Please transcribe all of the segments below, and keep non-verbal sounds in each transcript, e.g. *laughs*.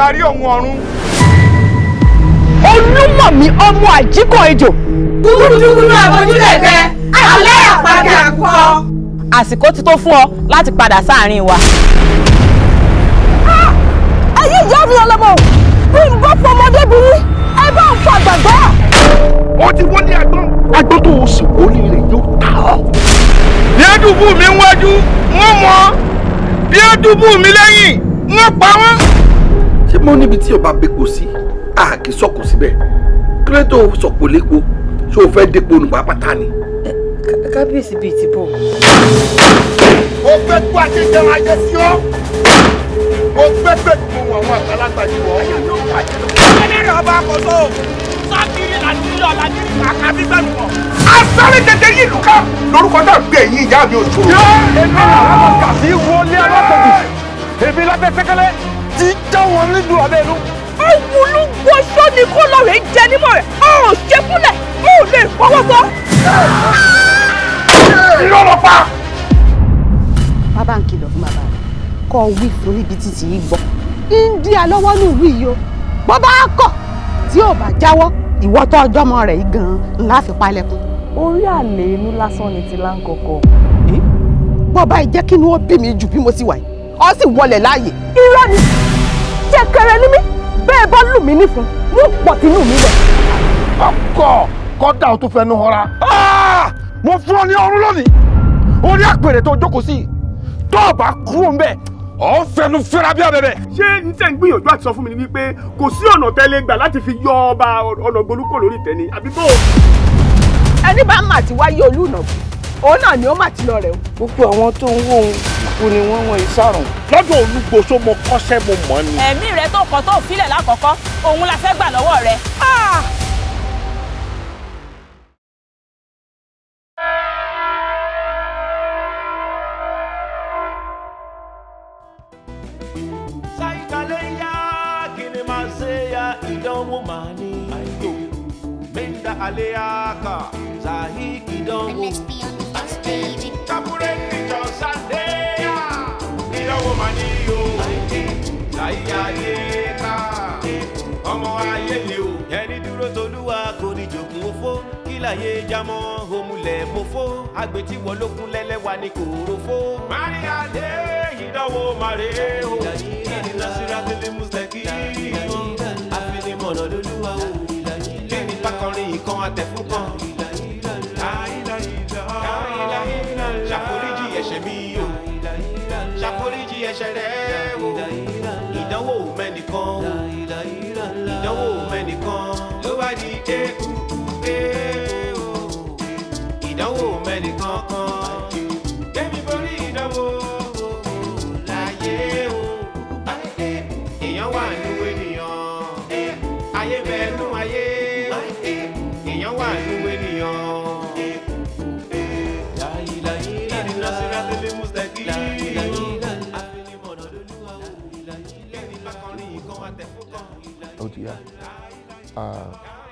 darí òun ọ̀run. olúmọ̀mí ọmọ àjíkọ̀ ejò. kúrúdúkúrú àbójúlẹ̀gbẹ́ alẹ́ àpàdé àkọ́. àsìkò ti tó fún ọ láti padà sáàrin wa. Ah! ayé ìyá mi ọlọmọ bí n bọ́ fún ọmọdébìnrin ẹ bá ń fa gbàgbọ́. ó ti wọlé àgbọn. àgbọn tó o sì wọlé rẹ yóò ta ọ. bí ẹdùbù mi ń wájú wọn mọ bí ẹdùbù mi lẹ́yìn wọn pa wọn ṣé mo níbi tí ọba bepo sí a kì í sọ̀kò síbẹ̀ kí ló tó ṣé o fẹ́ dépo nù pátá ni. kábíyèsí bíi ti bọ̀. mo fẹ́ kó àṣejẹun ajé sí ọ́ mo fẹ́ fẹ́ gbogbo àwọn àgbàlagbà jù ọ́. ẹlẹ́rìí ọba àkóso sọ́ọ̀kiri làdí lọ làdí ìgbà kábí sẹ́nu mọ̀. asáré tètè yìí lù ká lórúkọ náà gbé ẹ̀yìn ìyá mi ò tó. làwọn ọmọ wọlé alátọ́jú èmi lábẹ́ sẹ́kẹ́lẹ́ dá wọn nílùú abẹ́nú. ọ̀hún ló gbọ́sọ́ ni kó lọ́ọ̀rẹ́ jẹ nímọ̀ rẹ̀ ọ̀rọ̀ ṣe fúnlẹ̀ ó lè fọwọ́ sọ. irọ́ lọ pa. bàbá ń kìlọ̀ fún bàbá rẹ̀ kọ́ wí fún níbi títí yìí gbọ́. india lọ́wọ́ ní ìlú yìí o bàbá kọ̀ tí ò bá jáwọ́ ìwọ́ tó ọjọ́ mọ́ rẹ̀ yìí gan-an ńlá fi palẹ̀kùn. orí àlè inú lásán ni ti láǹkọ̀kọ̀. bọ́ọ̀ báyìí jẹ́ kí inú ó bí mi jù bí mo ti wà yìí ọ sì wọlé láàyè. irọ́ ni ṣẹ̀kẹ̀rẹ̀ ni mí bẹ́ẹ̀ bá lù mí nífun mú pọ̀ tínú mi lẹ̀. ọkọ kódà o tún fẹnu họra. Ah! mo fún ọ ní ọrún lónìí orí àpèrè tó jókòó sí tó o bá kúrò ń bẹ ọ fẹnu fẹ́ra bí abẹ́bẹ́. ṣé n tẹ́ ń gbìyànjú àti sọ fún mi ni wípé kò sí ọ̀nà tẹ́lẹ̀ gbà láti fi yọ ọba ọ̀nà gbolúkọ lórí tẹ̀ni àbí bó. ẹni bá mà ti wáyé olú ìnàbù òun náà ni ó mà ti lọ rẹ o. gbogbo àwọn tó ń wó ohun ikú ni wọ́n wọ́n ìsàrùn. lọ́dọ̀ olúgbòso mo kọ́ṣẹ́ mo mọ̀ ni. ẹ̀mí rẹ tó kọ́ tó filẹ̀ lákọ̀ọ́kọ́ òun la fẹ́ gbà lọ́wọ́ rẹ. Ah! Woman, ayé ayé ká ọmọ ayé mi o. ẹni dúró tolúwa kò ní jòkun òfó kí láyé jámọ́ òmùlẹ̀ mọ́fó agbètí wọ lókun lẹ́lẹ́wà ní kòrófó. maria dé ìdánwò màrè o kí ni sírátìlì mùsẹ̀kì àfinimọ̀nà lolúwa o kí ni bákanrin ìkan àtẹ̀fún kan. ṣàforíjì ẹ̀ṣẹ̀ mi o ṣàforíjì ẹ̀ṣẹ̀ rẹ̀ mẹ́nìkan ìdánwò mẹ́nìkan ló bá di ewu ewu ìdánwò.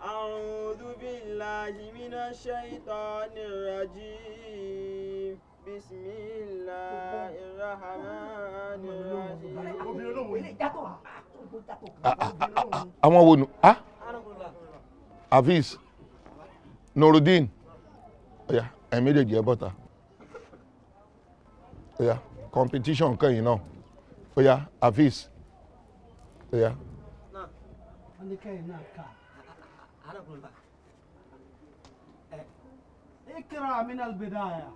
أعوذ بالله من الشيطان الرجيم بسم الله الرحمن الرحيم àwọn wo nù á ah! Hafiz Nurudeen ọ̀yà ẹ̀mí lè jẹ́ bọ́ta ọ̀yà competition kẹ́yìn náà ọ̀yà Hafiz ọ̀yà. wọ́n ní kẹ́yìn náà kà á ikra min albidaya.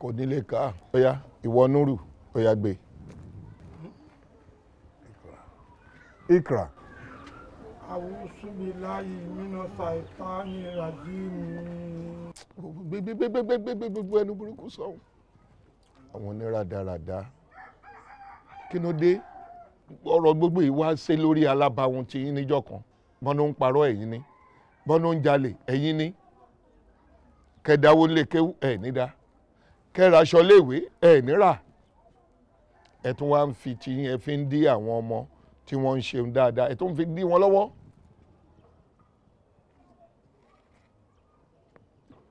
kò ní lè ká ọ̀yá ìwọ nuru ọ̀yá gbé. ikra. àwùsù mi láàyè mínà ṣàìtánì ọ̀rọ̀ gbogbo yìí wá ṣe lórí alábàáhùn tí yín níjọ́ kan bọ́n ló ń parọ́ ẹ̀yin ni bọ́n ló ń jalè ẹ̀yin ni kẹdáwó lè kéwú ẹ̀ nídá kẹraṣọ léèwé ẹ̀ nírà ẹ̀ tún wá ń fi tiyín ẹ̀ fi ń dí àwọn ọmọ tí wọ́n ń ṣeun dáadáa ẹ̀ tún ń fi dí wọn lọ́wọ́.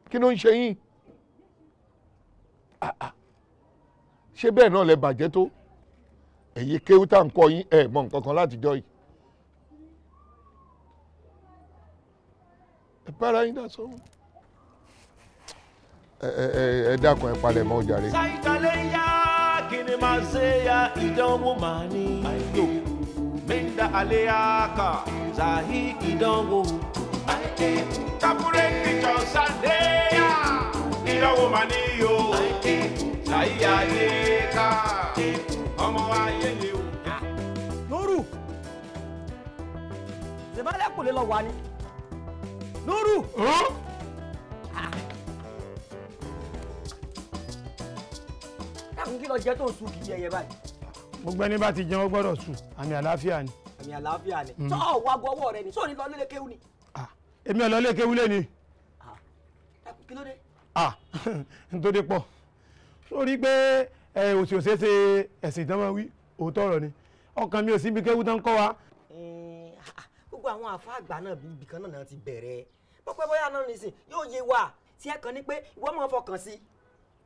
kí ló ń ṣe yín ah, ah. ṣé bẹ́ẹ̀ náà lẹ bàjẹ́ tó èyí kéwú tá à ń kọ́ yín ẹ̀ mọ̀ nǹkan kan láti jọ yìí. ẹ bára yín dá sọ́wọ́ ẹ dákun ẹ palẹ̀ mọ́ jàre. ṣàìtàlẹ̀ yá kí ni ṣe ya ìdánwò màá ní. àìlò mẹ́ta alẹ́ yá kà ìdánwò. àìlè kábúrẹ́ kìjọ sàlẹ̀ ìdánwò màá ní yó. àìlè láyé ayé ká ọmọ ayé ni o. lóru ah, ṣèbálẹ̀ kò lè lọ wà ni lóru. táwọn ah. kí lọ jẹ tó ń sun kìí ẹyẹ gbogbo ẹni bá ti jẹun gbọ́dọ̀ sùn àmì àlàáfíà ni. àmì àlàáfíà ni. sọ mm. ọ wá gbọwọ rẹ ni sọ ni lọ lélẹ kéwú ni. Ah, èmi ò lọ lé kéwú lé ni. kí ló dé. ah *laughs* n pọ̀ sórí pé òsì òsè ṣe ẹ̀sìn ìdánwò wí òótọ́ ọ̀rọ̀ ni ọkàn mi ò síbi kéwú tán kọ́ wa. gbogbo àwọn àfa àgbà náà ibì kan náà ti bẹ̀rẹ̀ pọ́pẹ́ bóyá náà nìsín yóò yé wa tí ẹ kàn ní pé ìwọ máa ń fọkàn sí.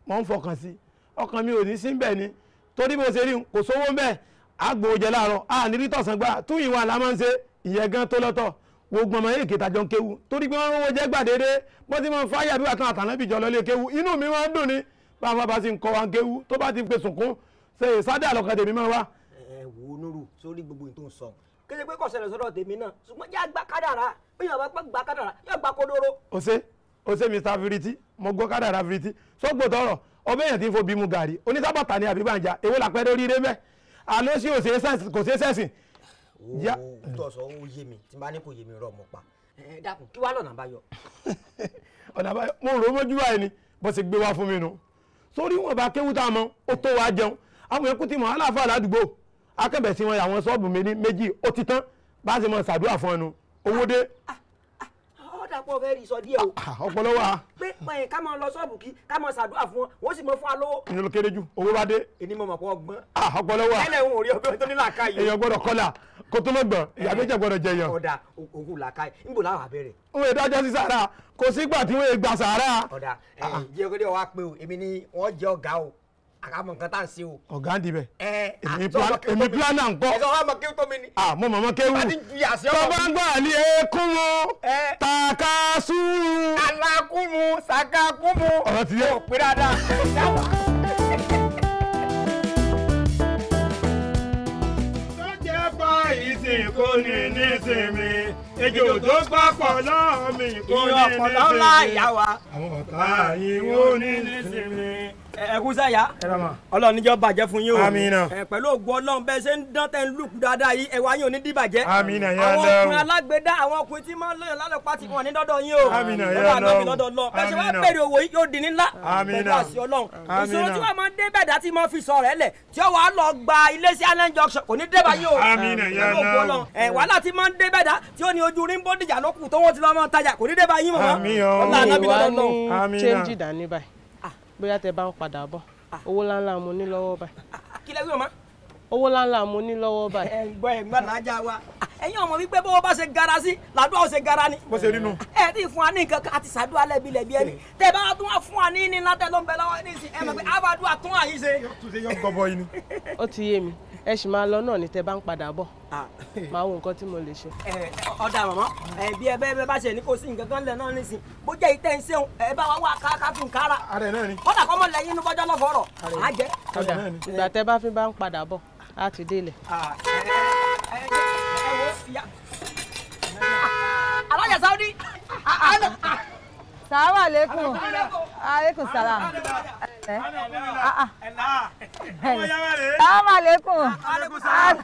mo ń fọkàn sí ọkàn mi ò ní sí bẹ́ẹ̀ ni torí bó ṣe rí kò sówó ń bẹ́ẹ̀ agbóhùnjẹ láàárọ̀ a ní rí tọ̀sán gbà tún ìwà la máa ń ṣe ìyẹn gan tó lọ́tọ̀ gbogbo ọmọ yìí kìtàjọ ń kéwu torí pé wọ́n rówó jẹ́ gbàdédé bó máa ń fáyà bí wàá tán àtàlẹ́bìjọ lọ́lé kéwu inú mi máa ń dùn ni báwọn bá ti ń kọ́ wa ń kéwú tó bá ti ń pe sùnkún ṣe ìsádà lọ́kàn tèmi máa wá. ẹ wò ó nóró sórí gbogbo nǹkan tó ń sọ kéde pé kò ṣẹlẹ̀ sọ́dọ̀ tèmi náà ṣùgbọ́n yá gba kádàrà bóyá ọba pẹ́ gba kádàrà yá gba kodoro. o ṣe o ṣe mr firiti mo gbọ́ kádàrà firiti sọ́gbò tọrọ ọbẹ̀ yẹn ti ń fo bímú gàrí onísàbàtà ni àbí gbàǹjà èwo làpẹ́ lórí rẹ mẹ́ àlọ́ sí kò ṣe é sẹ́sìn. o tó sọ ó yé mi tí n bá ní kò yé mi rọ mo pa dákun kí wàá lọ́nà àbáyọ. *laughs* ọ̀nà mo rò ó mójú báyìí ni bó ṣe gbé wá fún mi nù sórí wọn bá kéwú tá a mọ ó tó wá jẹun àwọn yẹn kú ti mọ aláàfáà ládùúgbò akẹ́bẹ̀sí wọn yà wọn sọ́ọ̀bù mi ní méjì ó ti tán bá a ṣe mọ ṣàdúrà fún ẹnu owó dé dàpọ̀ fẹ́ rí sọ díẹ̀ o. Ah, ọpọlọ wa. pé ẹ ká máa lọ sọ́ọ̀bù kí ká máa ṣàdúrà fún wọn wọ́n sì máa fún wa lówó. ìyẹn ló kéré jù owó bá dé. èmi mo mọ̀ pé ọgbọ́n. Ah, ọpọlọ wa ẹlẹ́ ń rí ọgbẹ́ tó ní làákàyè. èèyàn gbọ́dọ̀ kọ́là kó tó lọ́gbọ̀n ìyá méjì gbọ́dọ̀ jẹ yàn. ọ̀dà òkú làákàyè níbo láwọn abẹ́rẹ́. ó dájọ́ sí sàrà kò sígbà tí wọ́n àkàmọ̀ nǹkan tá à ń ṣe o. ọ̀gá ń dibẹ̀. ẹ èmi plana nkọ. ẹ̀sọ́ wa mọ̀ kéwù tó mi ni. a ah, mo mọ̀ mọ̀ kéwù. tọ́ba ń gbà ní ekun mu. takasu. alakumu sakakumu. ọ̀rọ̀ ti yẹ. o pé dáadáa. ìsìnkú ni nísìnyí ejò tó pápọ̀ lọ́ọ̀mì kò ní nísìnyí àwọn ọ̀tá yìí wọ́n ní nísìnyí ẹkún sẹyà Ọlọ́run níjọ bàjẹ́ fún yín o àmínà ògùn Ọlọ́run bẹ́ẹ̀ ṣe ń dán tẹ ń lùkù dáadáa yìí ẹwà yín ò ní dìbàjẹ́ àwọn ọkùnrin alágbèédá àwọn ọkùnrin tí máa ń lọyàn lálẹ́ pàtì wọn ní dọdọ yín o àmínà yẹn lọdọ lọ bẹ́ẹ̀ ṣe wá bẹ̀rẹ̀ òwò yìí yóò di nílá pẹ̀lú ìṣòro tí wọn máa ń dé bẹ̀dá tí mo fi sọ̀rọ̀ ẹ lẹ̀ tí ó wàá lọ gba ilé sí allen junction kò ní débà yín o àmínà yẹn lọ wàhálà tí máa ń dé ní ojú bóyá tẹ bá ń padà bọ̀ ah. owó ńláńlá mo ní lọ́wọ́ báyìí. Ah, kí lẹ́yìn ọmọ. owó ńláńlá mo ní lọ́wọ́ báyìí. ẹ gbọ́ ẹ gbọ́ nàájà wa ah, ẹ̀yin ọmọ wípé bọ́wọ́ bá ṣe gara sí làdúrà ṣe gara ni. bó ṣe rí nu. ẹ ti fún wa ní nǹkan kan àti sàdúrà lẹ́bi lẹ́bi ẹni eh. tẹ bá tún wá fún wa ní ní látẹ ló ń bẹ lọ́wọ́ ní ìsìn ẹ mọ̀ pé eh. àbádùn àtúnwá yìí ṣe. ti yé mi ẹ sì máa lọ náà ní tẹ bá ń padà bọ̀ máa wo nǹkan tí mo lè ṣe. ọ̀dà màmá bí ẹ bẹ́ẹ̀ bá ṣe ní kò sí nǹkan kan lẹ̀ náà nísìn bó jẹ́ ìtẹ́ ń ṣeun ẹ bá wa wá káàká fún kára kọ́dà kọ́mọ lẹ́yìn inú bọ́jọ́ lọ́fọ̀ ọ̀rọ̀ á jẹ́. ọ̀dà ìgbà tẹ bá fi bá ń padà bọ̀ á ti délẹ̀. alájà sáwọ́dí. Salaam alaikum. Alaikum salam. Ah, ah. Salaam alaikum. Alaikum salam.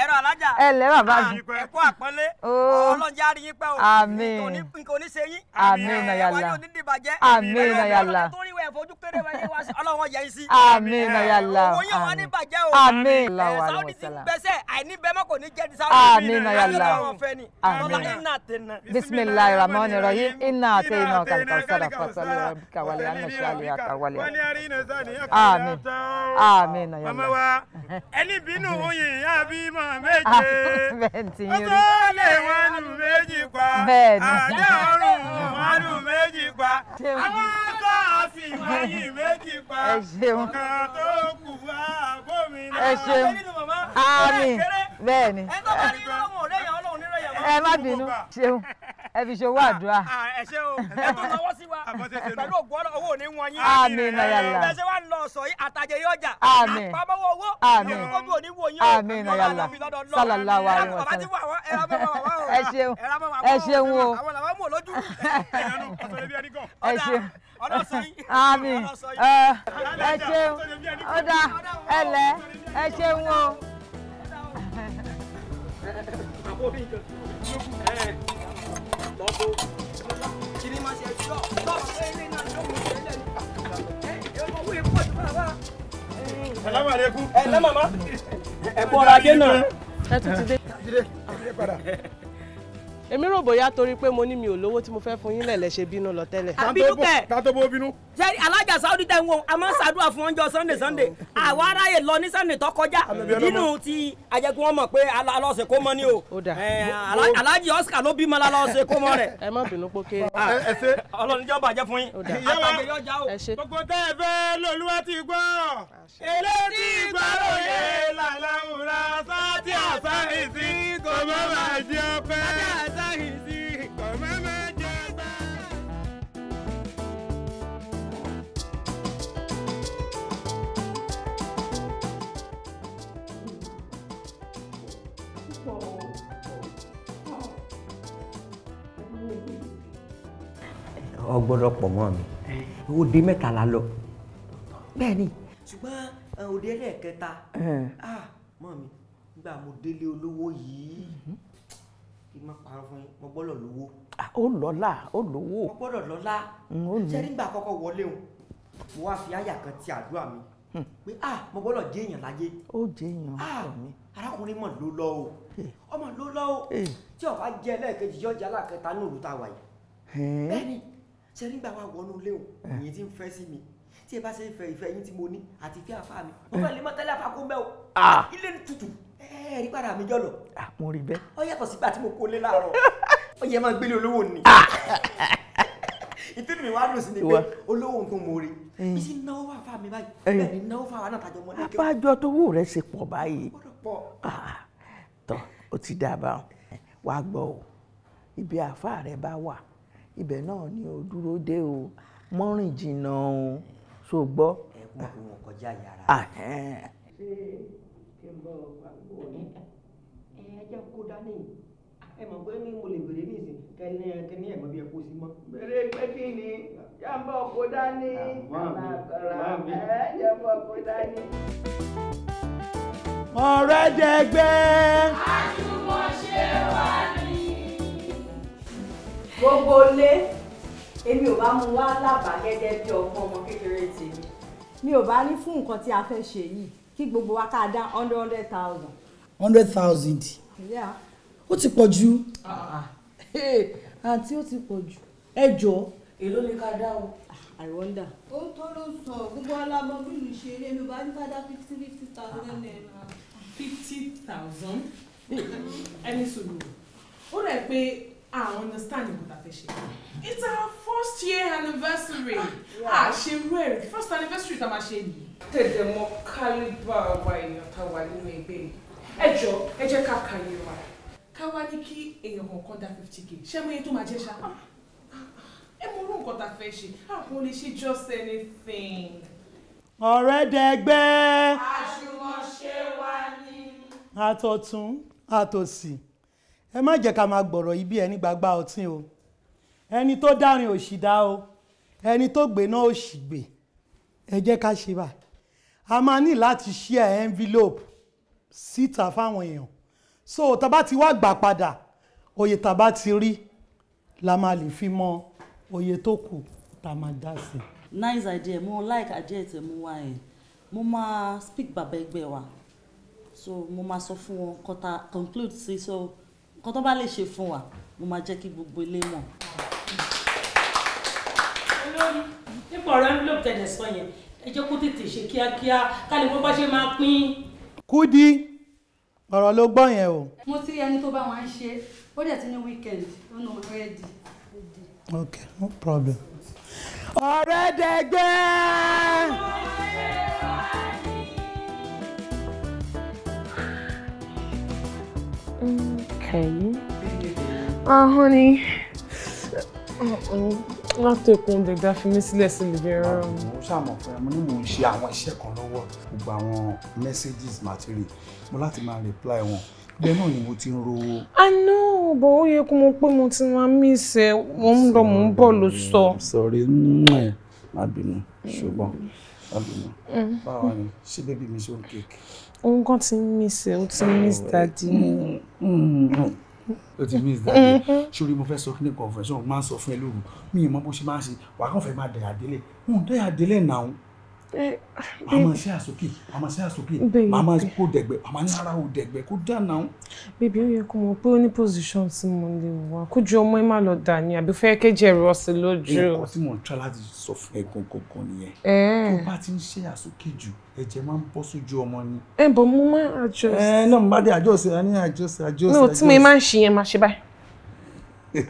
Ẹ̀rọ alájà. Ẹ lẹ́ bàbá mi. Ẹ̀kọ́ àpọ́nlé. Oh. Ọlọ́njẹ́ á rí yín pẹ́ o. Àmín. Nǹkan oníṣe yín. Àmín na yàlla. Wájú onídìí bàjẹ́. Àmín na yàlla. Torí wẹ̀ fojú péré wẹ̀ yé wa sí. Ọlọ́run yẹ yín sí. Àmín na yàlla. Owó yẹn wọn ní bàjẹ́ o. Àmín. Sáwọ́dì ti bẹ́sẹ̀ àìní bẹ́ẹ̀ mọ́ kò ní jẹ́ di sáwọ́dì. Àmín na yàlla. Àmín. Bismillahir rahmanir rahim. Inna àti iná ọ̀kadà kausara fasali rabbika wal anna shali akawali amin amin ya mama wa ẹni bínú oyin ya bí mọ méje ó tó lè wọnú méjì pa àdé ọrùn wọnú méjì pa àwọn tó fi wáyé méjì pa ọkàn tó kù wá gómìnà ẹni bínú mama amin bẹ́ẹ̀ni ẹ tó bá nínú ọmọ rẹ yàn Ọlọ́run nínú ẹyà wọn. ẹ ẹ fi ṣe owó àdúrà. Ah, ah, ẹ ṣe o ẹ tún lọ́wọ́ sí wa *laughs* pẹ̀lú ògùn ọ̀rọ̀ owó ní wọn yín. àmín nàyàlá. ẹ ṣe wá ń lọ sọ yìí àtàjẹ yóò jà. àmín àpamọ́wọ́ owó. àmín olùkọ́jú òní wo yín o. àmín nàyàlá sálàlá wa rẹ wọn sọ. ẹ ṣeun ẹ ṣeun o. àwọn làwọn mú olójú. *laughs* ẹ ṣeun àmín ẹ ṣeun ó *laughs* dá ẹ lẹ ẹ ṣeun o. Hey lọ́bọ̀ kìíní máa ṣe ẹjọ́ báwo pé ilé náà yóò mú ṣe lẹ́nu ẹ ẹ mọ owó epo ti bàbá. Salamu alaikum. ẹ lẹ́ màmá ẹ bọ́ra dé náà. ẹ tún ti dé. jíde jíde padà. èmi rò bóyá torí pé mo ní mi ò lówó tí mo fẹ́ fún yín lẹ̀ lẹ́ ṣe bínú lọ tẹ́lẹ̀. àbínú kẹ̀. tàtó bó bínú tẹ́rí alájà sáúdí tẹ̀ ń wò a máa ń ṣàdúrà fún ọjọ́ sunday sunday àwa aráyè lọ ní sunday tó kọjá nínú ti àjẹkùn wọn mọ̀ pé alọ́ọ̀sẹ̀ kó mọ́ ni o alájì oscar ló bímọ lọ́ọ̀sẹ̀ kó mọ́ rẹ̀. ẹ má bínú pókè. Ah, ọlọ́run jọba àjẹ fún yín. àtàgbé yóò já o. gbogbo tẹ́ ẹ fẹ́ lolúwa ti gbọ́ èlé tí ìgbà òye làlàwùrà sátì àṣà ìsìn kò má bàjẹ́ ọpẹ́. ọgbọ́dọ̀ pọ̀ mọ́ mi òde eh. mẹ́ta la lọ bẹ́ẹ̀ ni. ṣùgbọ́n òde eh, ẹlẹ́ẹ̀kẹta eh. ah, mọ́ mi nígbà mo délé olówó yìí mhm. kí n má parọ́ fún yín mo gbọ́dọ̀ lówó. Ah, ó lọ́lá ó lówó. mo gbọ́dọ̀ lọ́lá mm, ṣé nígbà àkọ́kọ́ wọlé o mo wá fi àyà kan ti àdúrà mi hmm. pé ah mo gbọ́dọ̀ jẹ́ èèyàn láyé. ó jẹ́ èèyàn ah, ọ̀rọ̀ mi. arákùnrin mọ̀ ló lọ o ọmọ ló lọ o tí ó bá ẹlẹ́ẹ̀kejì yọjà alákẹta ní òrùta wà yìí. bẹ́ẹ̀ ni ṣe nígbà wa wọnú ilé o eh. èyí tí ń fẹ́ sí mi tí ẹ bá ṣe fẹ́ ìfẹ́ yín tí mo ní àti ìfẹ́ àfa mi mo fẹ́ eh. lè mọ tẹ́lẹ̀ àfa kó mẹ́ o ah. ilé tutù eh, ẹ rí padà mi jọlọ. Ah, mo rí bẹ́ẹ̀. ó yàtọ̀ sígbà tí mo kó lé láàárọ̀ *laughs* ó yẹ máa gbélé olówó ni ah. *laughs* ìtẹ́nu mi wá lù sí ni pé olówó nǹkan mo rí ìsì hmm. náwó wà fáà mi báyìí bẹ́ẹ̀ ni náwó fáà wà náà tàjọ mọ́ ní kéwà. tó wù rẹ ṣe pọ̀ báyìí ó ti dábàá wàá ibi àfa rẹ ibẹ̀ náà ni o dúró dé o mọ́rìn jìnnà o so gbọ́. ẹkún kò wọn kọjá yàrá. Ah, ṣé kí n bọ àgbo ní ẹ jẹ́ kó dání ẹ mọ̀ pé mi mo lè bèrè ní ìsìn kẹ́ni kẹ́ni ẹ̀ mọ̀ bí ẹ kó sí mọ́. bèrè pé kí ni yá ń bọ̀ kó dání ẹ jẹ́ bọ̀ kó dání. ọ̀rẹ́ dẹgbẹ́. àtúmọ̀ ṣe wà ní gbogbo ilé èmi ò bá mú wá lábàá gẹ́gẹ́ bí ọgbọ́n ọmọ kékeré tèmi mi ò bá ní fún nǹkan tí a fẹ́ ṣe yìí kí gbogbo wa ká dá hundred hundred thousand. hundred thousand. ó ti pọ̀ jù. Ah, ah. àǹtí ó ti pọ̀ jù ẹ jọ. èló ni ká dá o. I wonder. ó tó ló sọ gbogbo alábọ bílù ṣe eré ló bá ní ká dá fifty fifty thousand ah, naira. fifty thousand ẹni sùúrù ó rẹ̀ pé Ah, I understand you I fẹ́ ṣe. It's our first year anniversary. Ah, ah she rú ẹ̀ first anniversary tá a máa ṣe yìí. Tẹ̀lé mọ kálíbà wa èèyàn tá a wà nínú ẹgbẹ́ yìí. Ẹ jọ ẹ jẹ́ ká ka yẹn wa. Ká wá ní kí èèyàn kọ̀ọ̀kan fifty k. Ṣé mo yẹ tó máa jẹ́ ṣá? Ah. Ẹ mọ orú nǹkan tá a fẹ́ ṣe. A kò lè just anything. Ọ̀rẹ́ dẹgbẹ́. Àṣùwọ̀n she wá ní. Àtọ̀tún àtòsì ẹ má jẹ́ ká máa gbọ̀rọ̀ yìí bí ẹni gbagba ọtí o ẹni tó dárin òṣì dá o ẹni tó gbé náà òṣì gbé ẹ jẹ́ ká ṣe bá a máa ní láti share envelope síta fáwọn èèyàn so tá bá ti wá gbà padà oyè tá bá ti rí la máa lè fi mọ oyè tó kù tá a máa dá sí. nice idea mo like idea tẹ mo wá ẹ mo máa speak bàbá ẹgbẹ́ wa so mo máa sọ fún wọn kọta conclude sí so nǹkan tó bá lè ṣe fún wa mo máa jẹ́ kí gbogbo ilé mọ̀. olórí nípa ọ̀rọ̀ envelope tẹ̀lé sọ yẹn ẹ jẹ́ kó tètè ṣe kíákíá ká lè mọ̀ bá ṣe máa pín. Kúdí ọ̀rọ̀ ló gbọ́ yẹn o. mo ti rí ẹni tó bá wọn ṣe ó dẹ̀ ti ní weekend ó nà ọ̀rẹ́dì. ok no problem. ọ̀rẹ́dẹ̀gbẹ́. Mm okay. Ah, honey. Láti èkó ń dẹ̀gbá fi mí sílẹ̀ sí living room. Mo ṣàmọ̀ pé mo ní mò ń ṣe àwọn iṣẹ́ kan lọ́wọ́ gbogbo àwọn messages material mo láti máa reply wọn. Bẹ́ẹ̀ náà ni mo ti ń ro. I know, but ó yẹ kó mo pé mo ti máa mí ìṣe mo ń lọ mo ń bọ̀ ló sọ. Sọ̀rí ẹ̀ má bínú ṣùgbọ́n má bínú. Mm. Báwo ni ṣé bébí mi ṣe ń kéèkì? òun kan ti miss ẹ ó ti miss oh, dadi. Mm, mm, mm, ó ti miss dadi sórí *laughs* mo fẹ́ sọ ní kọ̀ọ̀fẹ́ sọ máa ń sọ fún ẹ lóru mi ì mọ bó ṣe máa ń ṣe wàá kàn fẹ́ máa dẹ̀yà délẹ̀ òun dẹ̀yà délẹ̀ náà màmá ṣe àsókè màmá ṣe àsókè màmá kó dẹ̀gbẹ́ màmá ní ara ò dẹ̀gbẹ́ kó dáná. bèbí ó yẹ kó mọ̀ pé ó ní position tí mo lè wà kó ju ọmọ ẹ má lọ dà ní àbí fẹ́ kéjẹ ẹ̀rọ sí lójú. ẹ̀kọ́ tí mò ń tọ́ láti sọ fún ẹ gangan nìyẹn. tó bá ti ń ṣe àsókè jù ẹ̀jẹ̀ máa ń bọ́ sójú ọmọ ni. ẹ bọ̀ mo máa ń àjọ. ẹ náà mo bá dé àjọ sí ẹ ní àjọ sí *laughs*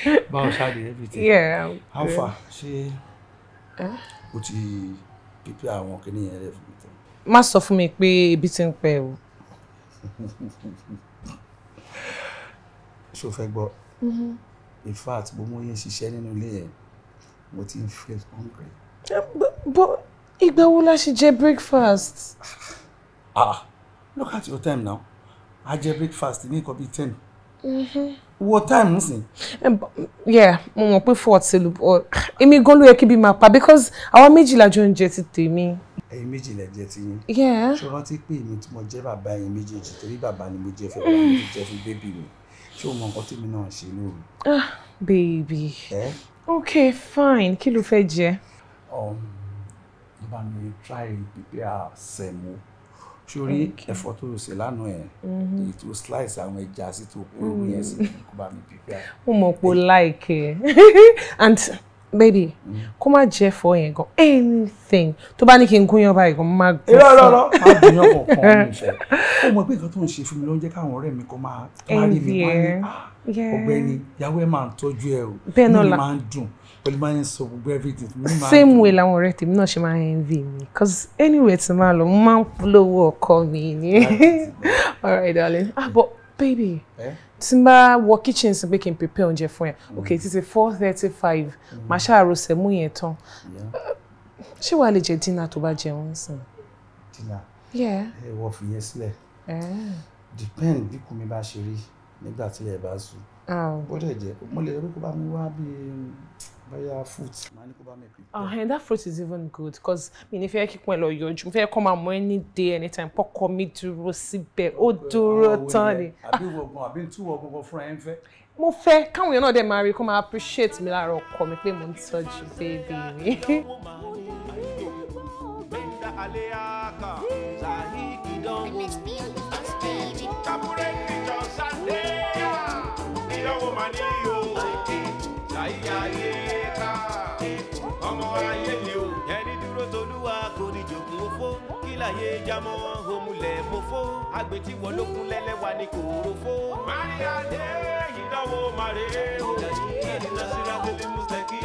*laughs* *laughs* báwo ṣáà dé everything. yeah. how far ṣe. Eh? ó ti pípé àwọn kìnìún yẹn rẹ̀ fún mi tán. má sọ fún mi pé ebi ti ń pẹ o. ṣó fẹ́ mm-hmm. in fact bó mo yẹn ṣiṣẹ́ nínú ilé yẹn mo ti ń feel hungry. Eh, bó ìgbà wo la ṣe jẹ breakfast. ah look at your time now I jẹ breakfast ní nǹkan bíi ten. Mm-hmm wo time nsìn. yeah mo mọ̀ pé four ti lu bọ́ èmi gan ló yẹ kí bí máa pa because àwa méjì la jọ ń jẹ ti tèmi. ẹ̀yin méjì lẹ jẹ ti yín. ṣé o rántí pé èmi tí mo jẹ́ bàbá yín méjèèjì torí bàbá ni mo jẹ́ fẹ́ bàbá mi jẹ́ fún bébì mi ṣé o mọ̀ nǹkan tí mi náà ṣe lóru. ah baby eh? ok fine kí ló fẹ́ jẹ. Um, bá mi try prepare sẹ̀mú sórí ẹ̀fọ́ tó ṣe lánàá ẹ̀ mhm. èyí tó slice àwọn ẹja sí tó kó ewu mhm. yẹn sí kó bá mi pípẹ́. mo mọ̀ pé o like ẹ̀ *laughs* and baby mhm. kó má jẹ́ ẹ̀fọ́ yẹn gan anything tó bá ní kí n gúnyán báyìí gan má gún fún. irọ́ irọ́ irọ́ má gúnyán kọ̀ọ̀kan mi fẹ́ o *laughs* mọ̀ pé nǹkan tó ń ṣe fún mi ló ń jẹ́ káwọn ọ̀rẹ́ mi kó máa rí mi wá ní ah, ọ̀gbẹ́ni ìyàwó ẹ̀ máa ń tọ́jú ẹ̀ o mi máa ń dùn pẹ̀lú máa ń everything. same way I'm already not náà ṣe envy mi cause anyway, tomorrow máa lọ will call me. alright darling ah but baby eh? tí n kitchen sí pé kí n prepare oúnjẹ fún ẹ mm. ok títí four thirty five mm. màá Rose, sẹ́mú yẹn tán eh, ṣé wàá lè jẹ dinner tó bá jẹun nísìn. dinner ẹ eh, wọ fìyẹn sílẹ̀ depend bí kùmí bá ṣe rí nígbà tí ẹ bá sùn ah. bó dẹ̀ jẹ́ mo lè rí kó bá mi wá bíi bóyá fruit. màá ah, and that fruit is even good because mi ní fẹ́ kíkún ẹ lọ yọjú mo fẹ́ kọ́ máa mọ any day anytime Pop mi dúró síbẹ̀ ó dúró tán ni. àbí wọgbọn àbí tú wọgbọn kan fúnra ẹ ń fẹ́. mo fẹ́ Can we náà dẹ̀ marry? Come appreciate me, lára come mi pé mo ń tọ́jú bébí mi. And Yeah, yeah. ayé jámọ́ òmùlẹ̀ mọ́fó agbètí wọ lẹ́lẹ́wà ní kòròfó. Maria dé ìdánwò màrè o ìdílé síra tẹ́lẹ̀ mùsẹ̀kì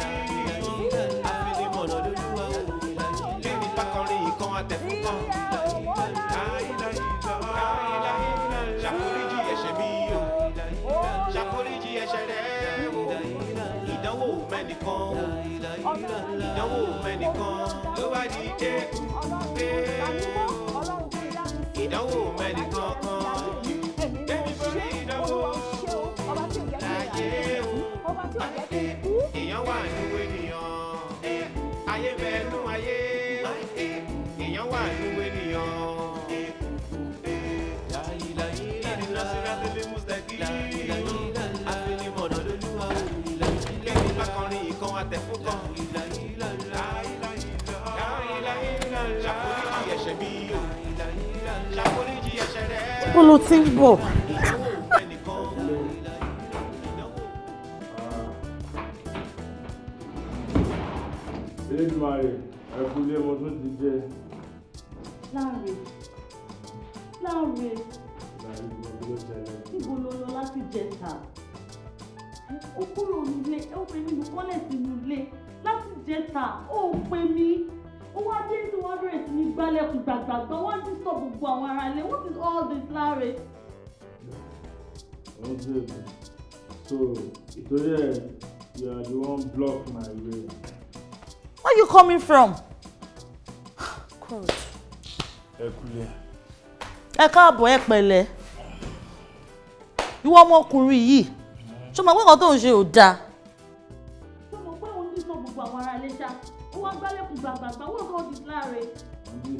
àfinimọ̀nà lójúwa o lébi pákọrin ìkan àtẹ̀fún kan. ṣàforíjì ẹ̀ṣẹ̀ mi o ṣàforíjì ẹ̀ṣẹ̀ rẹ̀ o ìdánwò mẹ́nìkan ìdánwò mẹ́nìkan bá di eku. bó ló ti ń bọ̀. Elédùmarè ẹ̀kúlé mo tún ti dé. Láàrè Láàrè níbo ló lọ láti jẹta? Ó kúrò nílé, ó pe mi mú kọ́lẹ̀ sínú ilé láti jẹta, ó pe mi, ó wá dé moderate ní gbálẹ̀kùn gbàgbàgbà wọ́n ti sọ gbogbo àwọn ará ilé what is all this láre. ọ̀hún so ìtòrí ẹ̀ you are the block my way. where you coming from? God. ẹ kúlẹ̀. ẹ káàbọ̀ ẹ pẹ̀lẹ́ ìwọ ọmọkùnrin yìí ṣọmọ pé nǹkan tó ń ṣe ò dáa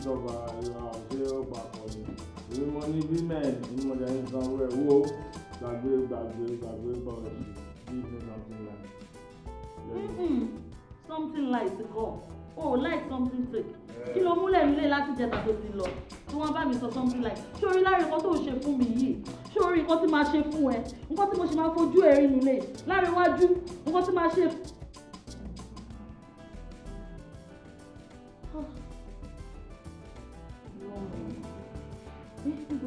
ìjọba ìlà òde ọgbà kọ̀ọ̀lù èyí ní bí ní mo jẹ́ nǹkan wẹ̀ gbàgbé gbàgbé gbàgbé bọ̀rọ̀ sí bí ṣe something like. Mm-mm. something like kọ́ o oh, like something take eh. kí ló múlẹ̀ nílé láti jẹta tó ti lọ tí wọ́n bá mi sọ something like ṣé orí lára nǹkan tó ń ṣe fún mi yìí ṣé orí nǹkan tí máa ṣe fún ẹ nǹkan tí mo ṣe máa fojú ẹ rí nílé lára iwájú nǹkan tí máa ṣe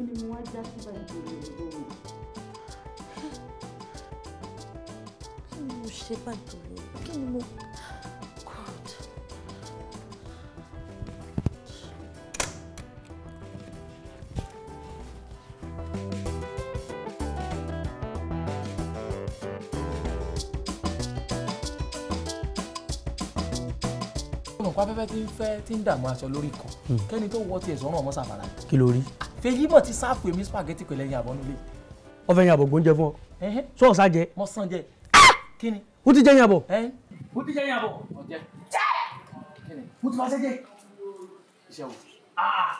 tún ni mo wá já sí báyìí tó lè lóru. kí ni mo ṣe báyìí tó lè lóru kí ni mo. ọmọ pápẹ́pẹ́ tí ń fẹ́ tí ń dààmú aṣọ lórí kan hmm. kẹ́ni tó wọ́ tiẹ̀ sọ́run ọmọ sàfàrà. kí ló rí fèyí mọ̀ ti sáàfù èmi spaghetti pẹ̀lẹ́ yín àbọ̀ nílé. ọfẹ yín àbọ̀ gbóúnjẹ fún ọ. sọ ọ̀sá jẹ. mo sàn jẹ. Ah! kí ni. ó ti jẹ yín àbọ̀. ó ti jẹ yín àbọ̀. ọjẹ. mo ti fa sẹ́jẹ̀. iṣẹ́ wo. Ah!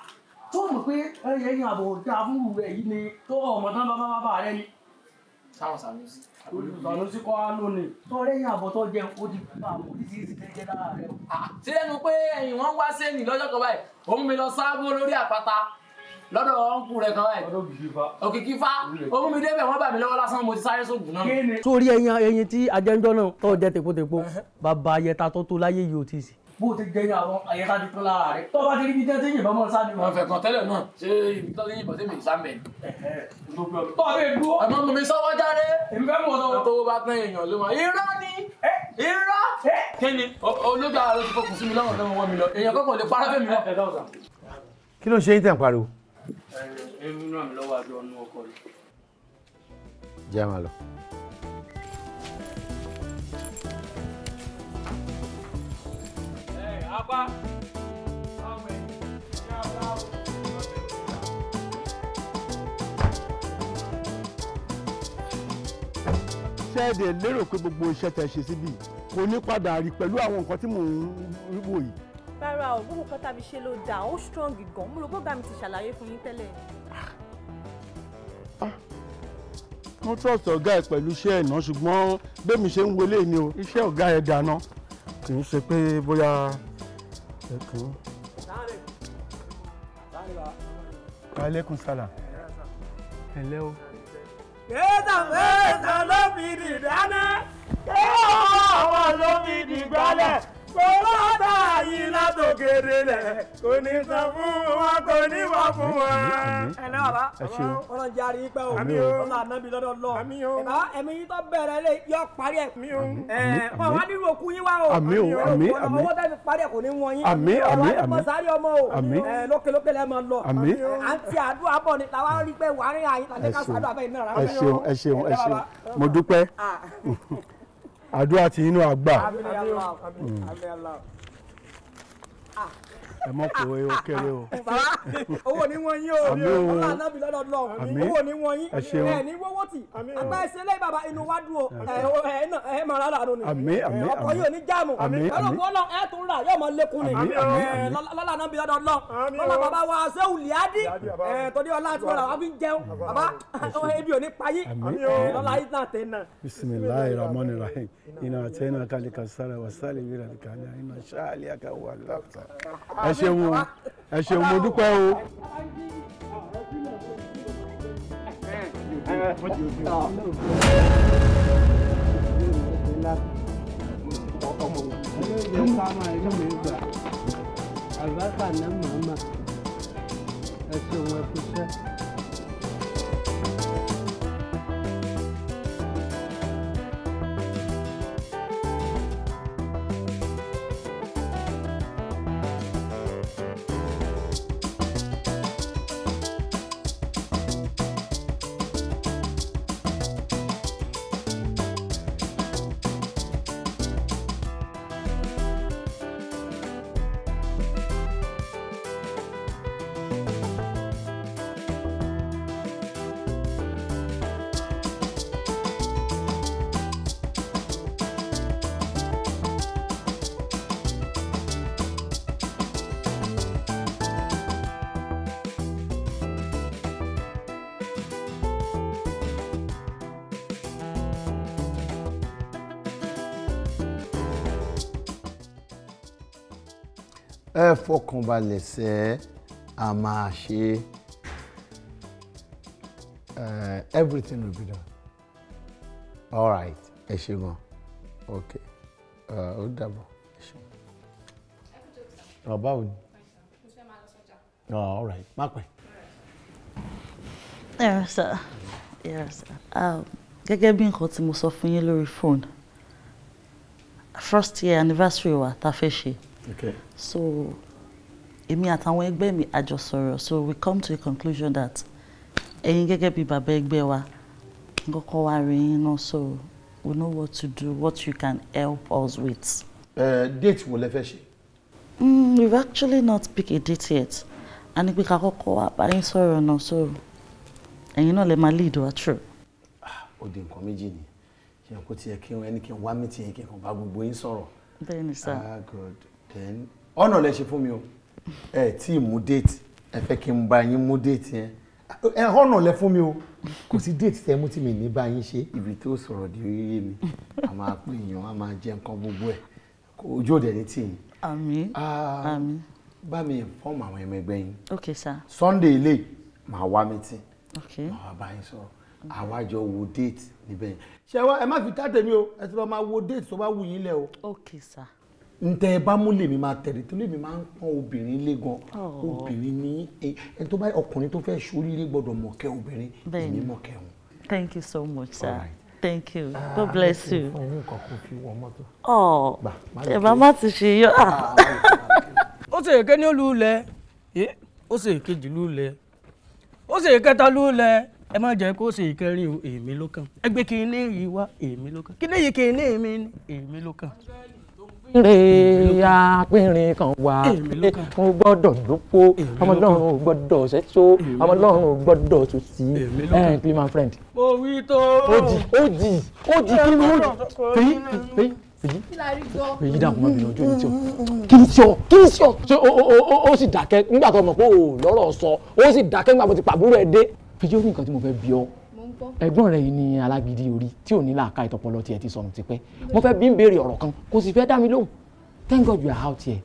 tó mọ̀ pé ẹyẹ yín àbọ̀ dáa fún rẹ̀ yìí ni tó ọmọ tán bá bá bá rẹ ni. sáwọn sàmì sí. olùsọ̀nù sí kọ́ lónìí. tọ́rẹ́ yín àbọ̀ tó jẹun o ti bá àwọn oríṣiríṣi tẹ́jẹ́ lára rẹ. àti lẹ́nu pé ẹ̀yìn wọn wá sẹ́yìn lọ́jọ́ kan báyìí òun mi lọ sáábó lórí àpáta lọ́dọ̀ ọ̀nkù rẹ̀ kan báyìí. òkìkí fa ohun mi débẹ̀ wọ́n bà mí lọ́wọ́ lásán mo ti sáré sóògùn náà. sórí ẹyin ẹyin tí ajẹ́njọ́ náà tó jẹ tèpótèpó bàbá ayẹta tó tó láyé yìí ò tí ì sí. bó o ti jẹyìn àwọn ayẹta ti tó lára rẹ tó bá ti rí bí jẹ́ tí yìnbọn mọ́ sáré. wọn fẹ̀ kàn tẹ́lẹ̀ náà ṣé ibi tó ti yìnbọn sí mi ìsámbẹ̀ ni. tó a bẹ dúró. àmọ́ mo mi sọ́wọ́ jáde. èmi fẹ́ mọ̀ sọ́wọ́. tó bá tán èèyàn ló máa irọ́ ni irọ́. kí ni olóògbé àlọ́ ti fọkùn sí mi lọ́wọ́ lọ́wọ́ mi lọ èèyàn kọ́kọ́ lè parọ́ fẹ́mi lọ. kí ló ń ṣe yín tẹ̀ ń pariwo ẹnu náà mi lọ́wọ́ àjọ ọ̀nù ọkọ rẹ̀. jẹ́ àmà lọ. ẹ apá ọmọ ẹ̀ ní apá ọmọ. iṣẹ́ èdè lérò pé gbogbo iṣẹ́ tẹ̀ ṣe síbi kò ní padà rí pẹ̀lú àwọn nǹkan tí mò ń wò yìí rárá o gbogbo kan tàbí ṣe ló dà ó strong gan mo rò bọ́gà mi ti ṣàlàyé fún yín tẹ́lẹ̀ ni. Ah, trust ọ̀gá ẹ̀ pẹ̀lú iṣẹ́ ẹ̀ náà ṣùgbọ́n bẹ́ẹ̀ mi ṣe ń wọlé ni o iṣẹ́ ọ̀gá ẹ̀ dáná kì í ṣe pé bóyá ẹ̀kún. aleykum salaam ẹ̀lẹ́ o. kéèdà mẹ́ta ló fi dìgbà náà kéèdà ló fi dìgbà náà kò lọ́dà yìí látòkèrè lẹ̀ kò ní sọ fún wọn kò ní wà fún wọn. ẹ ní bàbá ọlọ́run jẹ́ àrí pẹ́ o ọlọ́run ànábì lọ́dọ̀ lọ bàbá ẹ̀mí yìí tó bẹ̀rẹ̀ lé yọ parí ẹ̀ ọ̀ wá nínú òkú yín wá o ọwọ́ tẹ́lẹ̀ parí ẹ̀ kò ní wọ́n yín ọwọ́ àti mọ̀sárì ọmọ o lókèlókè lẹ́ẹ̀ máa lọ àǹtí àdúrà bọ̀ ni làwọn rí pé wàá rí àyín tàbí ká sàdúrà bẹ́ẹ̀ náà rárá. ẹ ṣeun ẹ ṣeun ẹ ṣeun mo dúpẹ́. Ah. *laughs* àdúrà tí inú àgbà ẹ mọ̀ pé ó kéré o. owó ni wọ́n yín o owó anábì lọ́dọ̀ lọ owó ni wọ́n yín ẹ ní wọ́wọ́ tì àgbà ẹsẹ̀ lẹ́yìn bàbá inú wa dùn o ẹ ẹ mọ̀ rárá lónìí ọkọ̀ yóò ní jáàmù ọlọ́kọ̀ náà ẹ tún rà yóò mọ̀ lékun ni lọ́la anábì lọ́dọ̀ lọ lọ́la bàbá wa sẹ́wù lìádì tọ́dí ọlá tí wọ́n rà wá fi jẹun bàbá *laughs* ebi ò ní payé lọ́la ẹ ṣeun ẹ ṣeun mo dúpẹ́ o. àlùbáṣà náà màmá ẹ ṣeun ẹ fi ṣẹ́. fọkànbalẹ̀ sẹ́ a máa ṣe eh, everything will be done all right ẹ ṣe gan ok eh, ó dàbọ̀ ẹ ṣe. ọ̀ báwo ni. Oh, all right. Makwe. Yeah, sir. Yeah, sir. Um, gẹ́gẹ́ bí nǹkan tí mo sọ fún yín lórí phone first year anniversary wa ta fẹ́ ṣe. Okay. So èmi àtàwọn ẹgbẹ́ mi àjọ sọ̀rọ̀ so we come to a conclusion that ẹ̀yin gẹ́gẹ́ bí bàbá ẹgbẹ́ wa kọ́kọ́ wá rí yín náà so we know what to do what you can help us with. Uh, date wo lẹ fẹ́ ṣe. Mm, we've actually not picked a date yet a ní pé ká kọ́kọ́ wá bá yín sọ̀rọ̀ náà so ẹ̀yin náà lè máa lead wa through. Ah, ó di nǹkan méjì ni ṣé kò tiẹ̀ kí ẹni kí n wá mí tiẹ̀ kí n kàn bá gbogbo yín sọ̀rọ̀. bẹ́ẹ̀ ni sir. ah good then ọ̀nà lẹ ṣe fún mi o ẹ tí ì mú déètì ẹ fẹ́ kí n bá yín mú déètì yẹn ẹ hànà lẹ fún mi o kò sí déètì tẹ mú tí mi ní bá yín ṣe. ibi tó sọ̀rọ̀ di yé mi a máa pè yàn a máa jẹ nǹkan gbogbo ẹ̀ ojú òde ní tì yín. àmín ah, àmín. bá mi fọ́ọ̀mù àwọn ẹ̀mẹ̀gbẹ́ yín. ok sir. sunday ilé màá wá mi tì. ok màá bá yín sọ̀rọ̀ àwájọ wo déètì níbẹ̀ yẹn. ṣé ẹ má fi tá tèmi o ẹ ti lọ́ọ́ máa wo déètì tó bá wù yín lẹ̀ o. ok sir ntẹ bá mú lèmi máa tẹ̀lé tó lèmi máa ń pọ́n obìnrin lé gan obìnrin ní ẹ tó bá ọkùnrin tó fẹ́ ṣoríire gbọ́dọ̀ mọ̀kẹ́ obìnrin èmi mọ̀kẹ́ wọn. thank you so much sir right. thank you ah, god bless you. ọ̀hún kan kò fi wọ mọ́tò. ọ̀ ẹ̀ bá má ti ṣe yọ. Ah, ó ṣe èké ní olúulẹ̀ ó ṣe èkejì lúulẹ̀ ó ṣe èkẹta lúulẹ̀ ẹ má jẹ́ kó ṣe ìkẹrin o èmi ló kàn ẹ gbé kinní yìí wá èmi ló kàn kinní yìí kinní mi èmi ló kàn rè apẹ̀rẹ̀ kan wà mo gbọ́dọ̀ dópò ọmọ ọlọ́run ò gbọ́dọ̀ ṣẹ́tó ọmọ ọlọ́run ò gbọ́dọ̀ sòsì ẹ̀ pé my friend. mo wí tó. ó di ó di ó di kí ló dé fèyí fèyí fèyí dàkún mọ́bi ojú ẹni tí kí ni tí kí ni tí o ṣé ó sì dákẹ́ nígbà tó mọ̀ pé o lọ́rọ̀ sọ ó sì dákẹ́ nígbà tó ti pàbúrò ẹ dé fèyí ó ní nǹkan tí mo fẹ́ bí ọ ẹ̀gbọ́n rẹ̀ yìí ni alágídí orí tí ò ní làákà ìtọpọlọ tiẹ̀ ti sọnù tipẹ́ mm. mo fẹ́ bí ń béèrè ọ̀rọ̀ kan kò sì fẹ́ dá mi lóhùn thank god you are out here